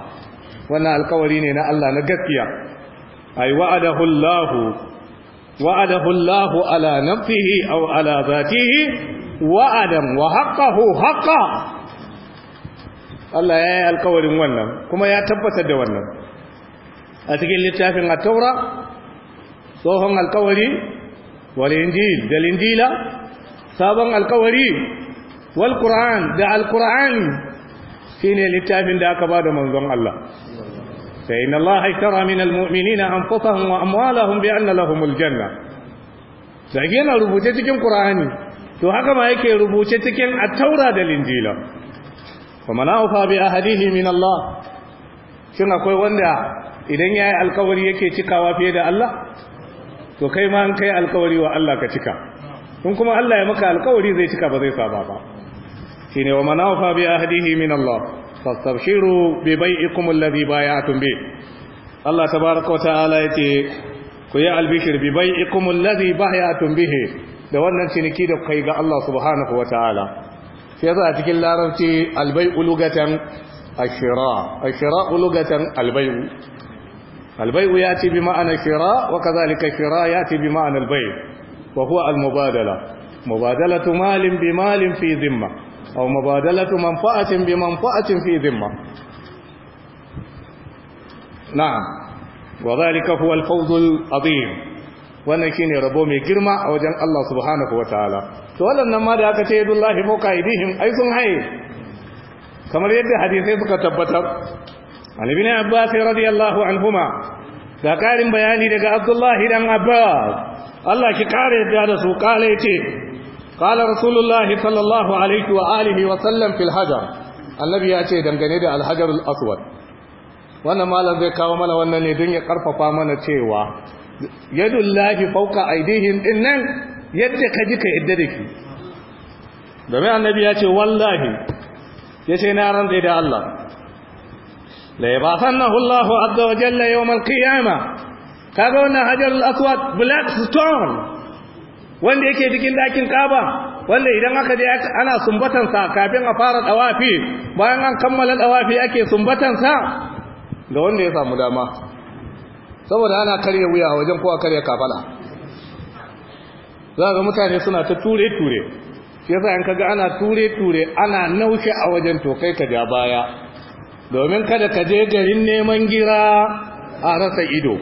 wannan alkawari ne na Allah na gaskiya ai wa'adahu Allahu وعده الله على نفسه او على ذاته وعدا وحقه حقا الله يا القول من كما يا تبت ده wannan a cikin littafin at-taura sohon alkawari wal injil dal sabon alkawari wal qur'an da alkur'ani shine littafin da aka ba da manzon Allah فإن الله اشترى من المؤمنين أنفسهم وأموالهم بأن لهم الجنة لكن ربوتة تكين قرآني تو هكما يكي ربوتة تكين التوراة للإنجيل فمن أوفى بأهده من الله شنو أقول وندا idan ya yi alkawari yake cikawa fiye da Allah to kai ma an kai alkawari wa Allah ka cika in kuma Allah ya maka alkawari zai cika ba zai ba Allah fastabshiru bi bai'ikum alladhi bay'atum bi Allah tabaaraka wa ta'ala yace ku yi albishir bi bai'ikum alladhi bay'atum bihi da wannan ciniki da kai ga Allah subhanahu wa ta'ala sai yasa a cikin larabci albai'u lugatan ashira ashira lugatan albai'u albai'u yati bi ma'ana shira wa kadhalika shira yati bi ma'ana albai' wa huwa almubadala mubadalatu malin bi malin fi dhimma aw mubadalatu manfa'atin bi manfa'atin fi dhimma na'am wa dhalika huwa wannan shine rabo mai girma a wajen Allah subhanahu wataala to wannan ma da aka ce yadullahi fawqa ai sun haye kamar yadda hadisai suka tabbatar an ibn abbas radiyallahu anhuma da karin bayani daga abdullahi dan abbas Allah ki kare yadda da su kale ce قال رسول الله صلى الله عليه وآله وسلم في الحجر النبي يأتي دنگني دا الحجر wannan malam zai kawo mana wannan ne don ya karfafa mana cewa yadullahi lafi fauka aidihin din nan yadda ka ji ka yadda da ke domin annabi ya ce wallahi ya ce na ran da Allah la yabasannahu Allah azza wa jalla yawm al-qiyamah kaga wannan hajar al-aswad black stone wanda yake cikin dakin kaba wanda idan aka je ana sumbatan sa kafin a fara dawafi bayan an kammala dawafi ake sumbatan sa ga wanda ya samu dama saboda ana karya wuya wajen kowa karya kafala za ga mutane suna ta ture ture shi yasa in kaga ana ture ture ana naushe a wajen to kai ka ja baya domin kada ka je garin neman gira a rasa ido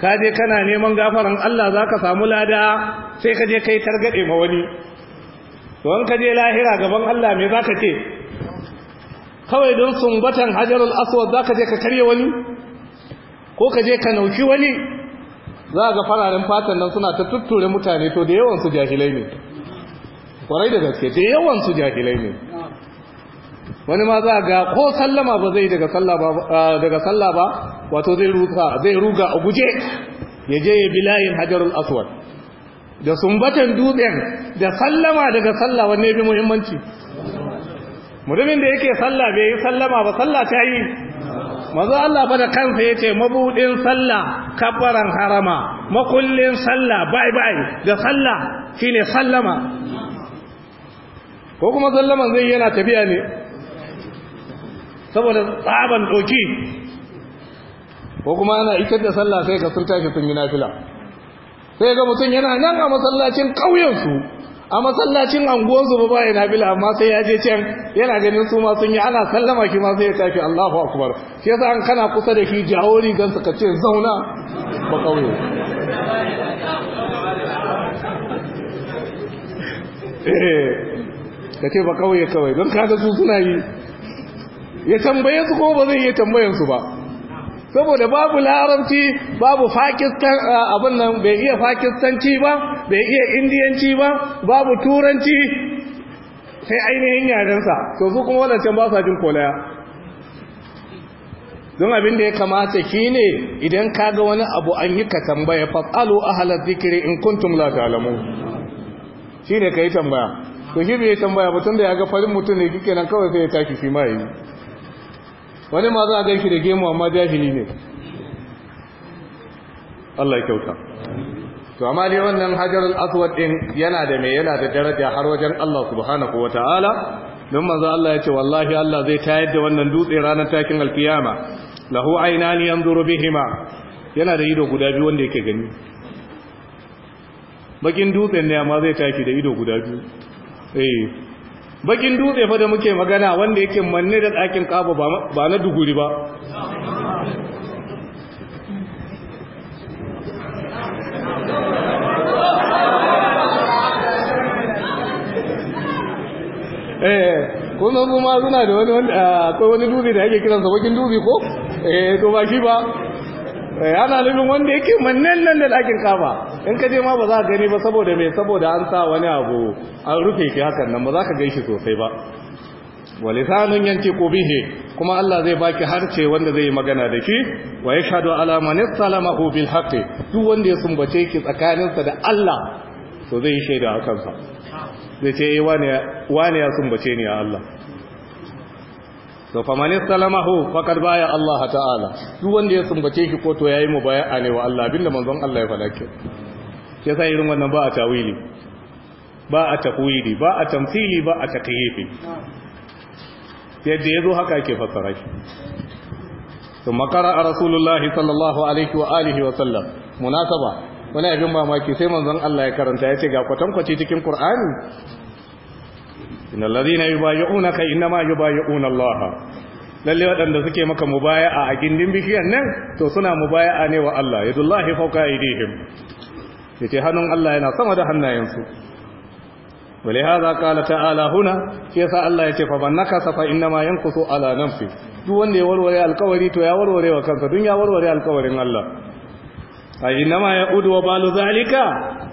kaje kana neman gafaran Allah za ka samu lada sai ka je kai targaɗe ma wani don ka je lahira gaban Allah me za ka ce kawai don sumbatan hajarul aswad za ka je ka karya wani ko ka je ka nauki wani za ga fararen fatan nan suna ta tutture mutane to da yawansu jahilai ne kwarai da gaske da yawansu jahilai ne wani ma za ga ko sallama ba zai daga sallaba ah, ba wato zai ruga a guje ya je ya bi layin hajarul aswad da sumbatan dutsen da sallama daga sallah wanne bi muhimmanci mutumin da yake salla bai yi sallama ba salla ta yi maza Allah ba da kansa ya ce mabuɗin salla kabbaran harama makullin salla bai-bai da shi ne sallama ko kuma sallaman zai yana tafiya ne saboda tsaban doki ko kuma ana ikar da sallah sai ka sun tashi sun yi nafila sai ga mutum yana nan a masallacin ƙauyensu a masallacin anguwansu ba bai nafila amma sai ya je can yana ganin su ma sun yi ana sallama shi ma sai ya tafi Allahu akbar shi yasa an kana kusa da shi jawo rigan ka ce zauna ba ƙauye eh ka ce ba ƙauye kawai don kaga su suna yi ya tambaye su ko ba zai iya tambayan su ba saboda babu larabci babu pakistan abin nan bai iya pakistanci ba bai iya indiyanci ba babu turanci sai ainihin yarensa to su kuma wadancan ba sa jin kolaya don abin da ya kamata ne idan kaga wani abu an yi ka tambaya fasalu halar zikiri in kuntum la ne ka yi tambaya ko shi bai tambaya mutum da ya ga farin mutum ne kike nan kawai sai ya tashi shi ma yi wani ma za a gan shi da gemu amma jahili ne Allah ya kyauta to amma dai wannan hajar al-aswad din yana da mai yana da daraja har wajen Allah subhanahu wataala don manzo Allah ya ce wallahi Allah zai tayar da wannan dutse ranar takin alkiyama lahu aynan yanzuru bihima yana da ido guda biyu wanda yake gani bakin dutsen ne amma zai taki da ido guda biyu eh bakin dutse fa da muke magana wanda yake manne da ɗakin kaba ba na duguri ba eh, kuma kuma suna da wani wanda akwai wani dubi da ake kiransa bakin dubi ko eh to ba shi ba Eh, ana nufin wanda yake mannan nan da ɗakin kama, in ka je ma ba za ka gani ba saboda mai saboda an sa wani abu an rufe ki hakan nan ba za ka gaishe sosai ba wa lisanun kobi bihi kuma Allah zai baki harce wanda zai yi magana da shi, wa yashhadu ala man salama bil haqqi duk wanda ya sumbace ki tsakaninsa da Allah to zai yi shaida a kansa? zai ce eh wani ya sumbace ni a Allah to fa man salamahu faqad baya Allah ta'ala duk wanda ya sumbace shi ko to yayi mubaya'a ne wa Allah binda manzon Allah ya faɗa ke sai sai irin wannan ba a tawili ba a tafwidi ba a tamthili ba a takyifi yadda yazo haka yake fassara shi to makara rasulullahi sallallahu alaihi wa alihi wa sallam munasaba wani abin mamaki sai manzon Allah ya karanta ya ce ga kwatankwaci cikin Qur'ani inna alladhina yubayyi'unaka innama yubayyi'una Allah Lallai waɗanda suke maka mubaya'a a agindin bishiyar nan to suna mubaya'a ne wa Allah yadullahi fawqa aydihim yace hannun Allah yana sama da hannayen su wale hada qala ta'ala huna yasa Allah yace fa bannaka safa innama yanqusu ala nafsi duk wanda ya warware alkawari to ya warware kansa dun ya warware alkawarin Allah ayinama ya udu wa balu zalika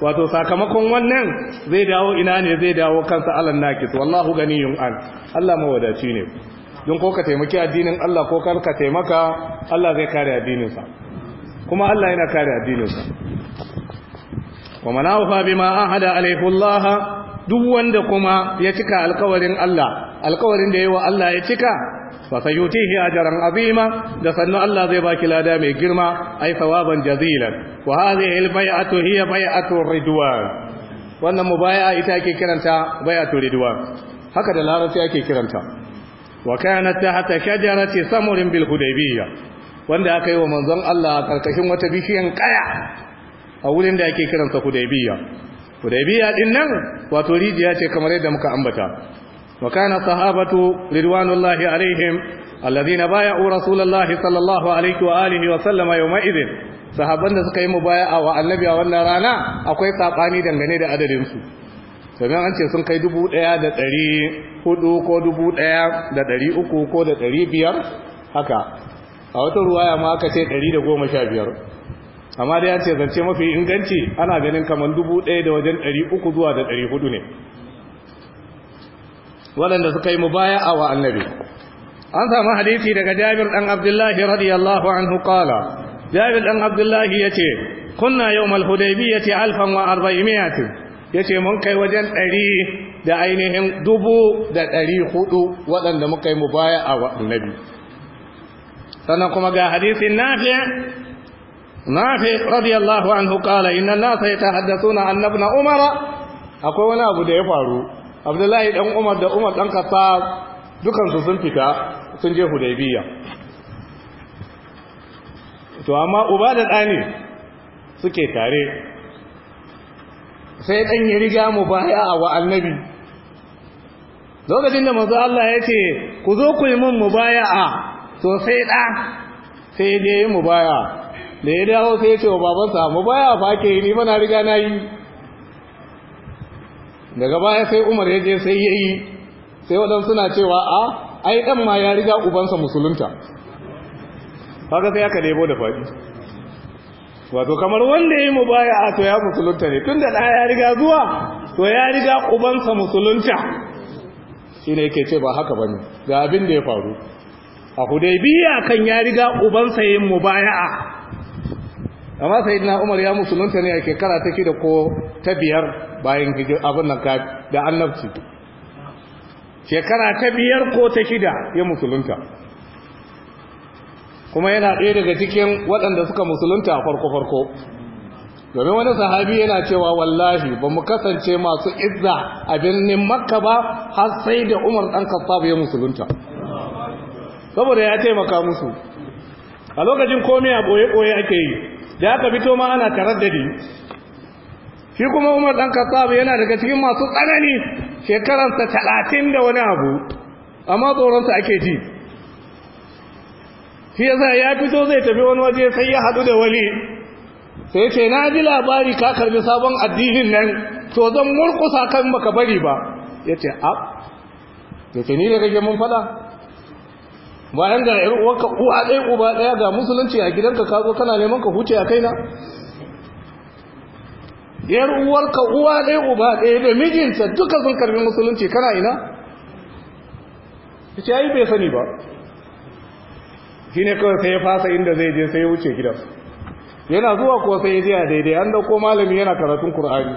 wato sakamakon wannan zai dawo ina ne zai dawo kansa alan nakis wallahu ganiyun an Allah mawadaci ne don ko ka taimaki addinin Allah ko kar ka taimaka Allah zai kare addininsa kuma Allah yana kare addininsa wa man bima ahada alayhi Allah duk wanda kuma ya cika alkawarin Allah alkawarin da yayi wa Allah ya cika fa sayutihi ajaran azima da sannu Allah zai baki lada mai girma ai sawaban jazilan wa hadhihi albay'atu hiya bay'atu ridwan wannan mubaya'a ita ake kiranta bay'atu ridwan haka da larabci ake kiranta wa kanat tahta shajarati samurin bil hudaybiyya wanda aka yi wa manzon Allah a karkashin wata bishiyan kaya a wurin da ake kiransa Hudaybiya Hudaybiya din nan wato rijiya ce kamar yadda muka ambata وكان الصحابة رضوان الله عليهم الذين بايعوا رسول الله صلى الله عليه وآله وسلم يومئذ sahabban da suka yi mubaya'a wa annabi a wannan rana akwai sabani dangane da adadin su sannan an ce sun kai dubu ɗaya da ɗari hudu ko dubu ɗaya da ɗari uku ko da ɗari biyar haka a wata ruwaya ma aka ce ɗari da goma sha biyar amma dai an ce zance mafi inganci ana ganin kamar dubu ɗaya da wajen ɗari uku zuwa da ɗari hudu ne waɗanda suka yi mubaya'a wa annabi an samu hadisi daga jabir dan abdullahi radiyallahu anhu ƙala. jabir dan abdullahi yace kunna yau ya ce alfan wa arba'imiyati yace mun kai wajen ɗari da ainihin dubu da ɗari hudu waɗanda muka yi mubaya'a wa annabi sannan kuma ga hadisin nafi nafi radiyallahu anhu ƙala. inna an-nasa yatahaddathuna anna Annabna umara akwai wani abu da ya faru abdullahi dan umar da umar dan khattab dukansu sun fita sun je hudaybiya to amma uba da ɗani suke tare sai ɗan ya riga mu baya a wa annabi lokacin da manzo Allah ya ce ku zo ku yi min mubaya'a to sai ɗa sai ya yi yi mubaya da ya dawo sai ya ce wa babansa mubaya fa ke yi ni mana riga na yi daga baya sai umar ya je sai ya yi sai waɗansu suna cewa a ai ɗan ma ya riga ubansa musulunta haka sai aka nemo da faɗi wato kamar wanda ya yi mubaya a to ya musulunta ne tun da ɗaya ya riga zuwa to ya riga ubansa musulunta shi ne yake ce ba haka ba ne ga abin da ya faru a hudaibiya kan ya riga ubansa yin A amma sai na umar ya musulunta ne a shekara ta da ko ta biyar bayan abin nan da annabci shekara ta biyar ko ta shida ya musulunta kuma yana ɗaya daga cikin waɗanda suka musulunta a farko-farko domin wani sahabi yana cewa wallahi ba mu kasance masu izza a birnin makka ba har sai da umar ɗan ba ya musulunta saboda ya taimaka musu a lokacin komai a ɓoye-ɓoye ake yi da aka fito ma ana taraddadi shi kuma umar dan khattab yana daga cikin masu tsanani shekaransa talatin da wani abu amma tsoronsa ake ji shi yasa ya fito zai tafi wani waje sai ya haɗu da wani. sai ce na ji labari ka karbi sabon addinin nan to zan murkusa kan baka bari ba ya ce a ya ce ni da kake mun fada bayan ga yar uwarka uwa ɗaya uba ɗaya ga musulunci a gidanka ka zo kana neman ka huce a kaina yar uwarka uwa ɗaya uba ɗaya da mijinta duka sun karbi musulunci kana ina ce bai sani ba shi ne sai ya fasa inda zai je sai ya wuce gidansu yana zuwa ko sai ya jiya a daidai an dauko malami yana karatun Kur'ani.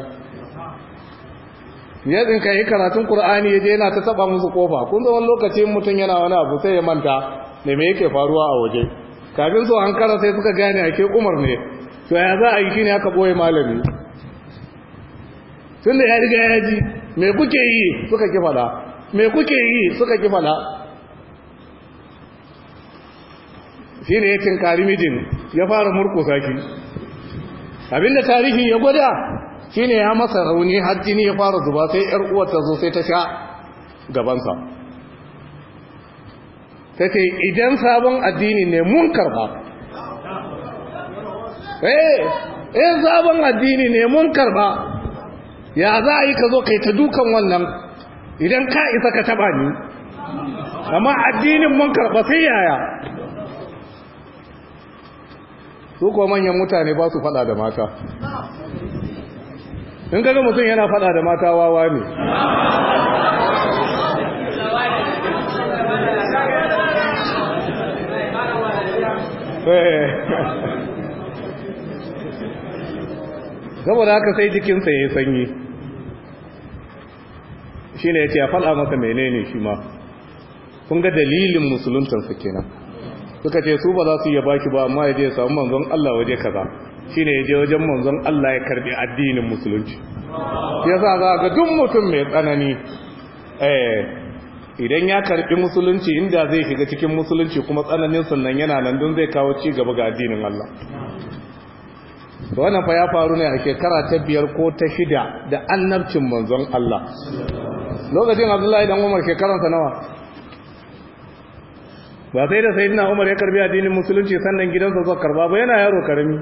ya tsinka yi karatun Kur'ani ya je yana ta taba musu kofa kun zaman lokaci mutum yana wani abu sai ya manta da me yake faruwa a waje kafin su an kara sai suka gane ake umar ne to ya za a yi shine aka boye malami tun da ya riga ya ji me kuke yi suka ki fada me kuke yi suka ki fada shi ne ya cinkari mijin ya fara murko saki abinda tarihi ya gwada shi ne ya masa rauni har jini ya fara zuba sai yar uwar ta zo sai ta sha gabansa ta ce idan sabon addini ne mun karba eh eh sabon addini ne mun karba ya za a yi ka zo yi ta dukan wannan idan ka isa ka taba ni amma addinin mun karɓa sai yaya su kuwa manyan mutane ba su fada da mata in kaga mutum yana fada da mata wawa ne eh. saboda haka sai jikinsa ya yi sanyi Shi ne ya ce ya faɗa masa menene shi ma kun ga dalilin musuluntar su kenan suka ce su ba za su iya baki ba amma ya je ya samu manzon Allah waje kaza ne ya je wajen manzon Allah ya karbi addinin musulunci Ya sa za ga duk mutum mai tsanani eh, idan ya karbi musulunci inda zai shiga cikin musulunci kuma tsananin sannan yana nan don zai kawo ci gaba ga addinin Allah wannan fa ya faru ne a shekara ta biyar ko ta shida da annabcin manzon Allah lokacin abdullahi dan umar ke karanta nawa ba sai da sayyidina umar ya karbi addinin musulunci sannan gidansa zuwa karba ba yana yaro karami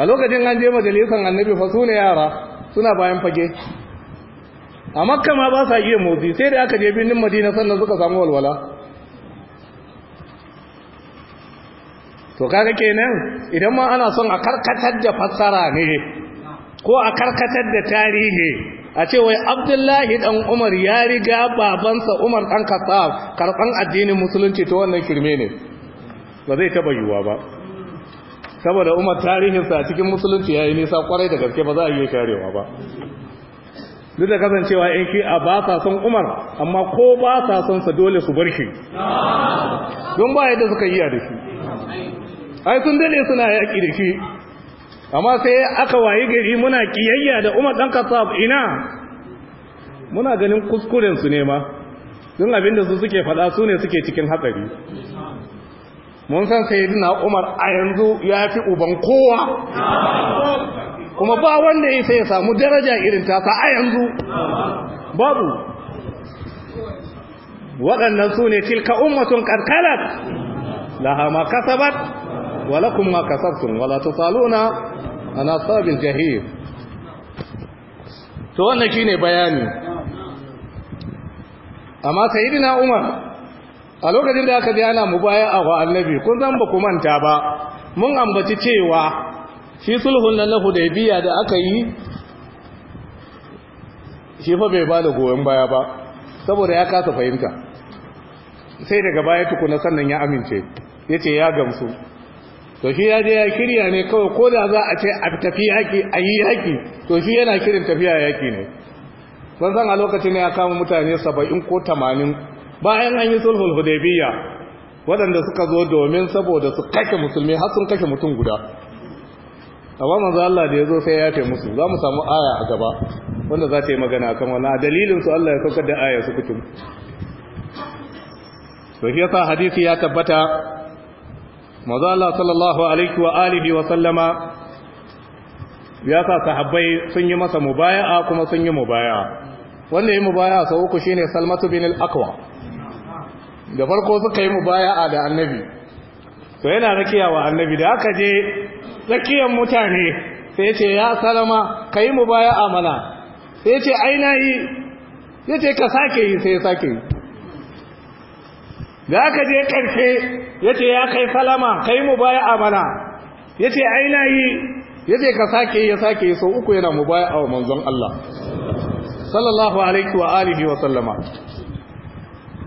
a lokacin an je majalisan annabi fa su ne yara suna bayan fage a makka ma ba sa iya motsi sai da aka je birnin madina sannan suka samu walwala to kaga kenan idan ma ana son a karkatar da fassara ne ko a karkatar da tarihi a ce wai abdullahi dan umar ya riga babansa umar dan kasa karban addinin musulunci ta wannan kirme ne ba zai taba yiwuwa ba saboda umar tarihinsa a cikin musulunci ya yi nisa kwarai da gaske ba za a yi karewa ba duk da kasancewa yan shi'a ba sa son umar amma ko ba sa son sa dole su bar shi don ba yadda suka yi a da ai sun dade suna yaƙi da amma sai aka wayi gari muna kiyayya da umar dan khattab ina muna ganin kuskuren su ne ma don abinda su suke faɗa su ne suke cikin hatsari mun san sayyidina umar a yanzu ya fi uban kowa kuma ba wanda ya sai ya samu daraja irin tasa a yanzu babu waɗannan su ne tilka ummatun karkalat laha ma kasabat ولكم ma كسبتم ولا تطالون انا صاب الجهيد to wannan shine bayani amma sayyidina Umar a lokacin da aka mu mu baya wa annabi kun zan ba ku manta ba mun ambaci cewa shi sulhun nan da biya da aka yi shi fa bai bada goyon baya ba saboda ya kasa fahimta sai daga baya tukuna sannan ya amince yace ya gamsu to shi ya je ya kirya ne kawai ko da za a ce a tafi yaki a yi yaki to shi yana kirin tafiya yaki ne ban san a lokacin ya kama mutane saba'in ko tamanin bayan an yi sulhul hudaybiya waɗanda suka zo domin saboda su kashe musulmi har sun kashe mutum guda amma manzo Allah da ya sai ya yafe musu za mu samu aya a gaba wanda za ta yi magana kan wannan dalilin su Allah ya saukar da aya su kutum to shi yasa hadisi ya tabbata Maza Allah sallallahu alaihi wa alihi wa sallama ya sa sahabbai sun yi masa mubaya'a kuma sun yi mubaya'a wanda yi mubaya'a sau uku shine Salmatu bin al-Aqwa da farko suka yi mubaya'a da Annabi to yana rakiya wa Annabi da aka je rakiyan mutane sai ce ya Salama ka kai mubaya'a mana sai ce ai na ya ce ka sake yi sai sake yi da aka je karfe yace ya kai salama kai mu baya amana mana ya ce ka sake ya sake sau uku yana mu baya a manzon Allah sallallahu alaihi wa alihi wa sallama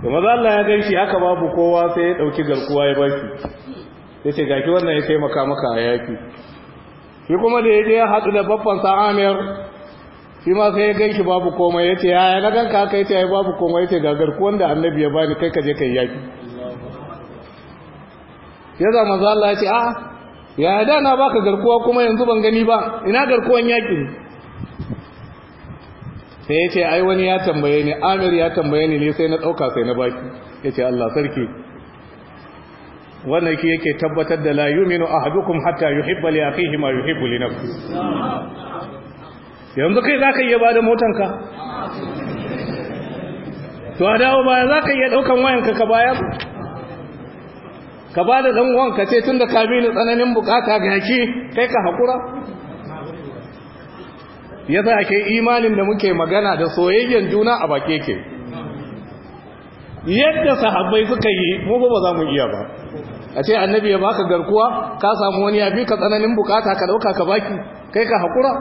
da maza Allah ya ganshi haka babu kowa sai ya dauki garkuwa ya baki Yace gaki wannan ya taimaka maka a yaki shi kuma da yaje ya hadu da babban sa'amir shi ma sai ya gan shi babu komai ya ce yaya na gan kaka ya ce babu komai ya ce ga garkuwan da annabi ya bani kai ka je yaki ya za Allah ya ce a ah, ya da na baka garkuwa kuma yanzu ban gani ba ina garkuwan yaki sai ya ce ai wani ya tambaye ni amir ya tambaye ni ne sai na ɗauka sai na baki ya ce Allah sarki wannan ki yake tabbatar da la yuminu ahadukum hatta yuhibba li akhihi ma yuhibbu li nafsihi yanzu kai za ka iya ba da motanka to a dawo baya za ka iya ɗaukan wayanka ka bayar ka ba da zangon ka ce tun da ka bi tsananin bukata ga yaki kai ka haƙura ya za yi imanin da muke magana da soyayyen juna a bake ke yadda sahabbai suka yi mu ba za mu iya ba a ce annabi ya baka garkuwa ka samu wani ya bi ka tsananin bukata ka ɗauka ka baki kai ka haƙura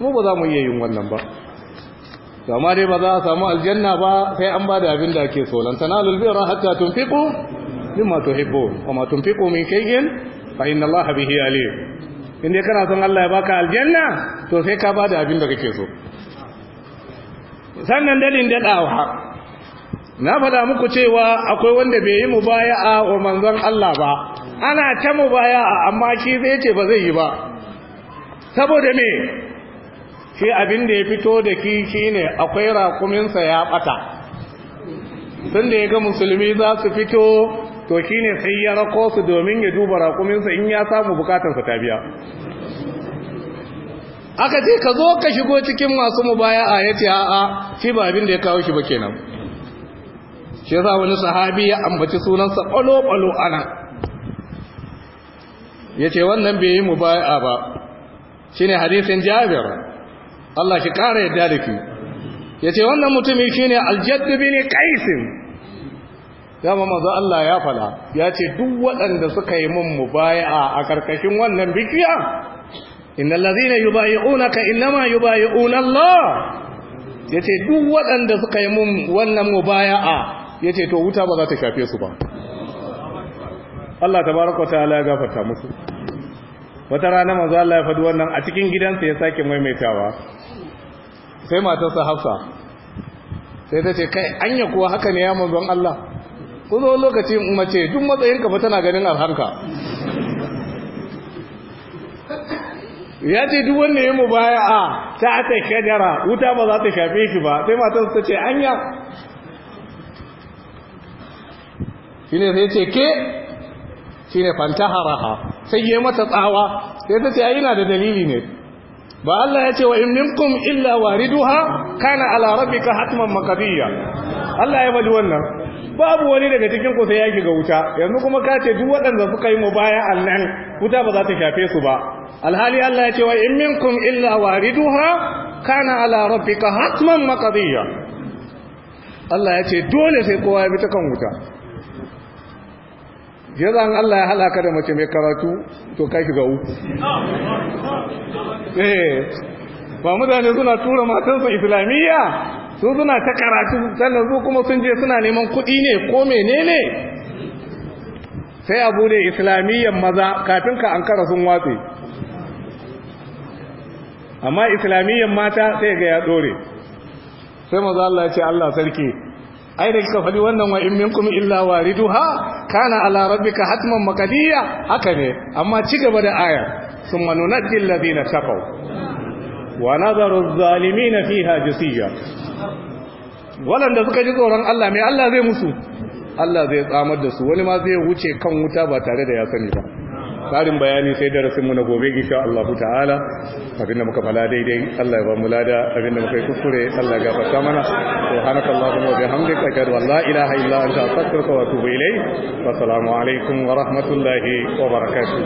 mu ba za mu iya yin wannan ba amma dai ba za a samu aljanna ba sai an bada abin da ake so lan tanalul birra hatta tunfiqu mimma tuhibbun wa ma tunfiqu min shay'in fa inna Allah bihi alim in dai kana son Allah ya baka aljanna to sai ka bada abin da kake so sannan dalin daɗawa. na faɗa muku cewa akwai wanda bai yi mubaya'a wa manzon Allah ba ana ta mubaya'a amma shi zai ce ba zai yi ba saboda me shi abin da ya fito da ki shine akwai rakuminsa ya ɓata. tun da ya ga musulmi za su fito to shi ne sai ya rako su domin ya duba rakuminsa in ya samu bukatarsa ta biya aka ce ka zo ka shigo cikin masu a ya ce a'a shi ba abin da ya kawo shi ba kenan shi yasa wani sahabi ya ambaci sunansa ƙwalo-ƙwalo ana ya ce wannan bai yi mubaya ba shi ne hadisin jabir Allah ki ƙara yadda da ku ya ce wannan mutumi shi ne aljaddu ne kaisin dama mazu Allah ya fada ya ce duk waɗanda suka yi mummu baya a ƙarƙashin wannan bikiya innal ladhina yubayi'unaka innama yubayi'una Allah ya ce duk waɗanda suka yi mummu wannan mu a ya ce to wuta ba za ta shafe su ba Allah ta ta ala ya gafarta musu wata rana manzo Allah ya faɗi wannan a cikin gidansa ya sake maimaitawa sai matarsa hafsa sai ta ce kai anya kuwa haka ne ya manzon Allah zo lokaci mace duk matsayin ka tana ganin alhanka ya ce duk wanda ya a ta ta shajara wuta ba za ta shafe shi ba sai matarsa ta ce anya ne sai ce ke shi ne fanta haraha sai ya mata tsawa sai ta ce ai na da dalili ne ba Allah ya ce wa in minkum illa wariduha kana ala rabbika hatman maqdiya Allah ya bari wannan babu wani daga cikin ku sai ya shiga wuta yanzu kuma ka ce duk waɗanda suka yi mubaya nan wuta ba za ta shafe su ba alhali Allah ya ce wa in minkum illa wariduha kana ala rabbika hatman maqdiya Allah ya ce dole sai kowa ya bi ta kan wuta ya za Allah ya halaka da mace mai karatu to ka shiga uku eh ba mutane suna tura matansu islamiyya su suna ta karatu sannan su kuma sun je suna neman kuɗi ne ko menene sai a bude islamiyyan maza kafin ka ankara sun watse amma islamiyyan mata sai ga ya dore sai maza Allah ya ce Allah sarki ai da kika faɗi wannan wa in minkum illa wariduha kana ala rabbika hatman makadiya? haka ne amma ci gaba da aya thumma nunaddi ladina taqaw wa nadaru adh fiha jasiya da suka ji tsoron Allah mai Allah zai musu Allah zai tsamar da su wani ma zai wuce kan wuta ba tare da ya sani ba karin bayani sai darasinmu na gobe insha Allah ta'ala abinda muka fala daidai Allah ya ba mu lada abinda muka yi kuskure Allah ya gafarta mana subhanaka allahumma wa bihamdika ashhadu an la ilaha illa anta astaghfiruka wa atubu ilayk wa assalamu alaikum wa rahmatullahi wa barakatuh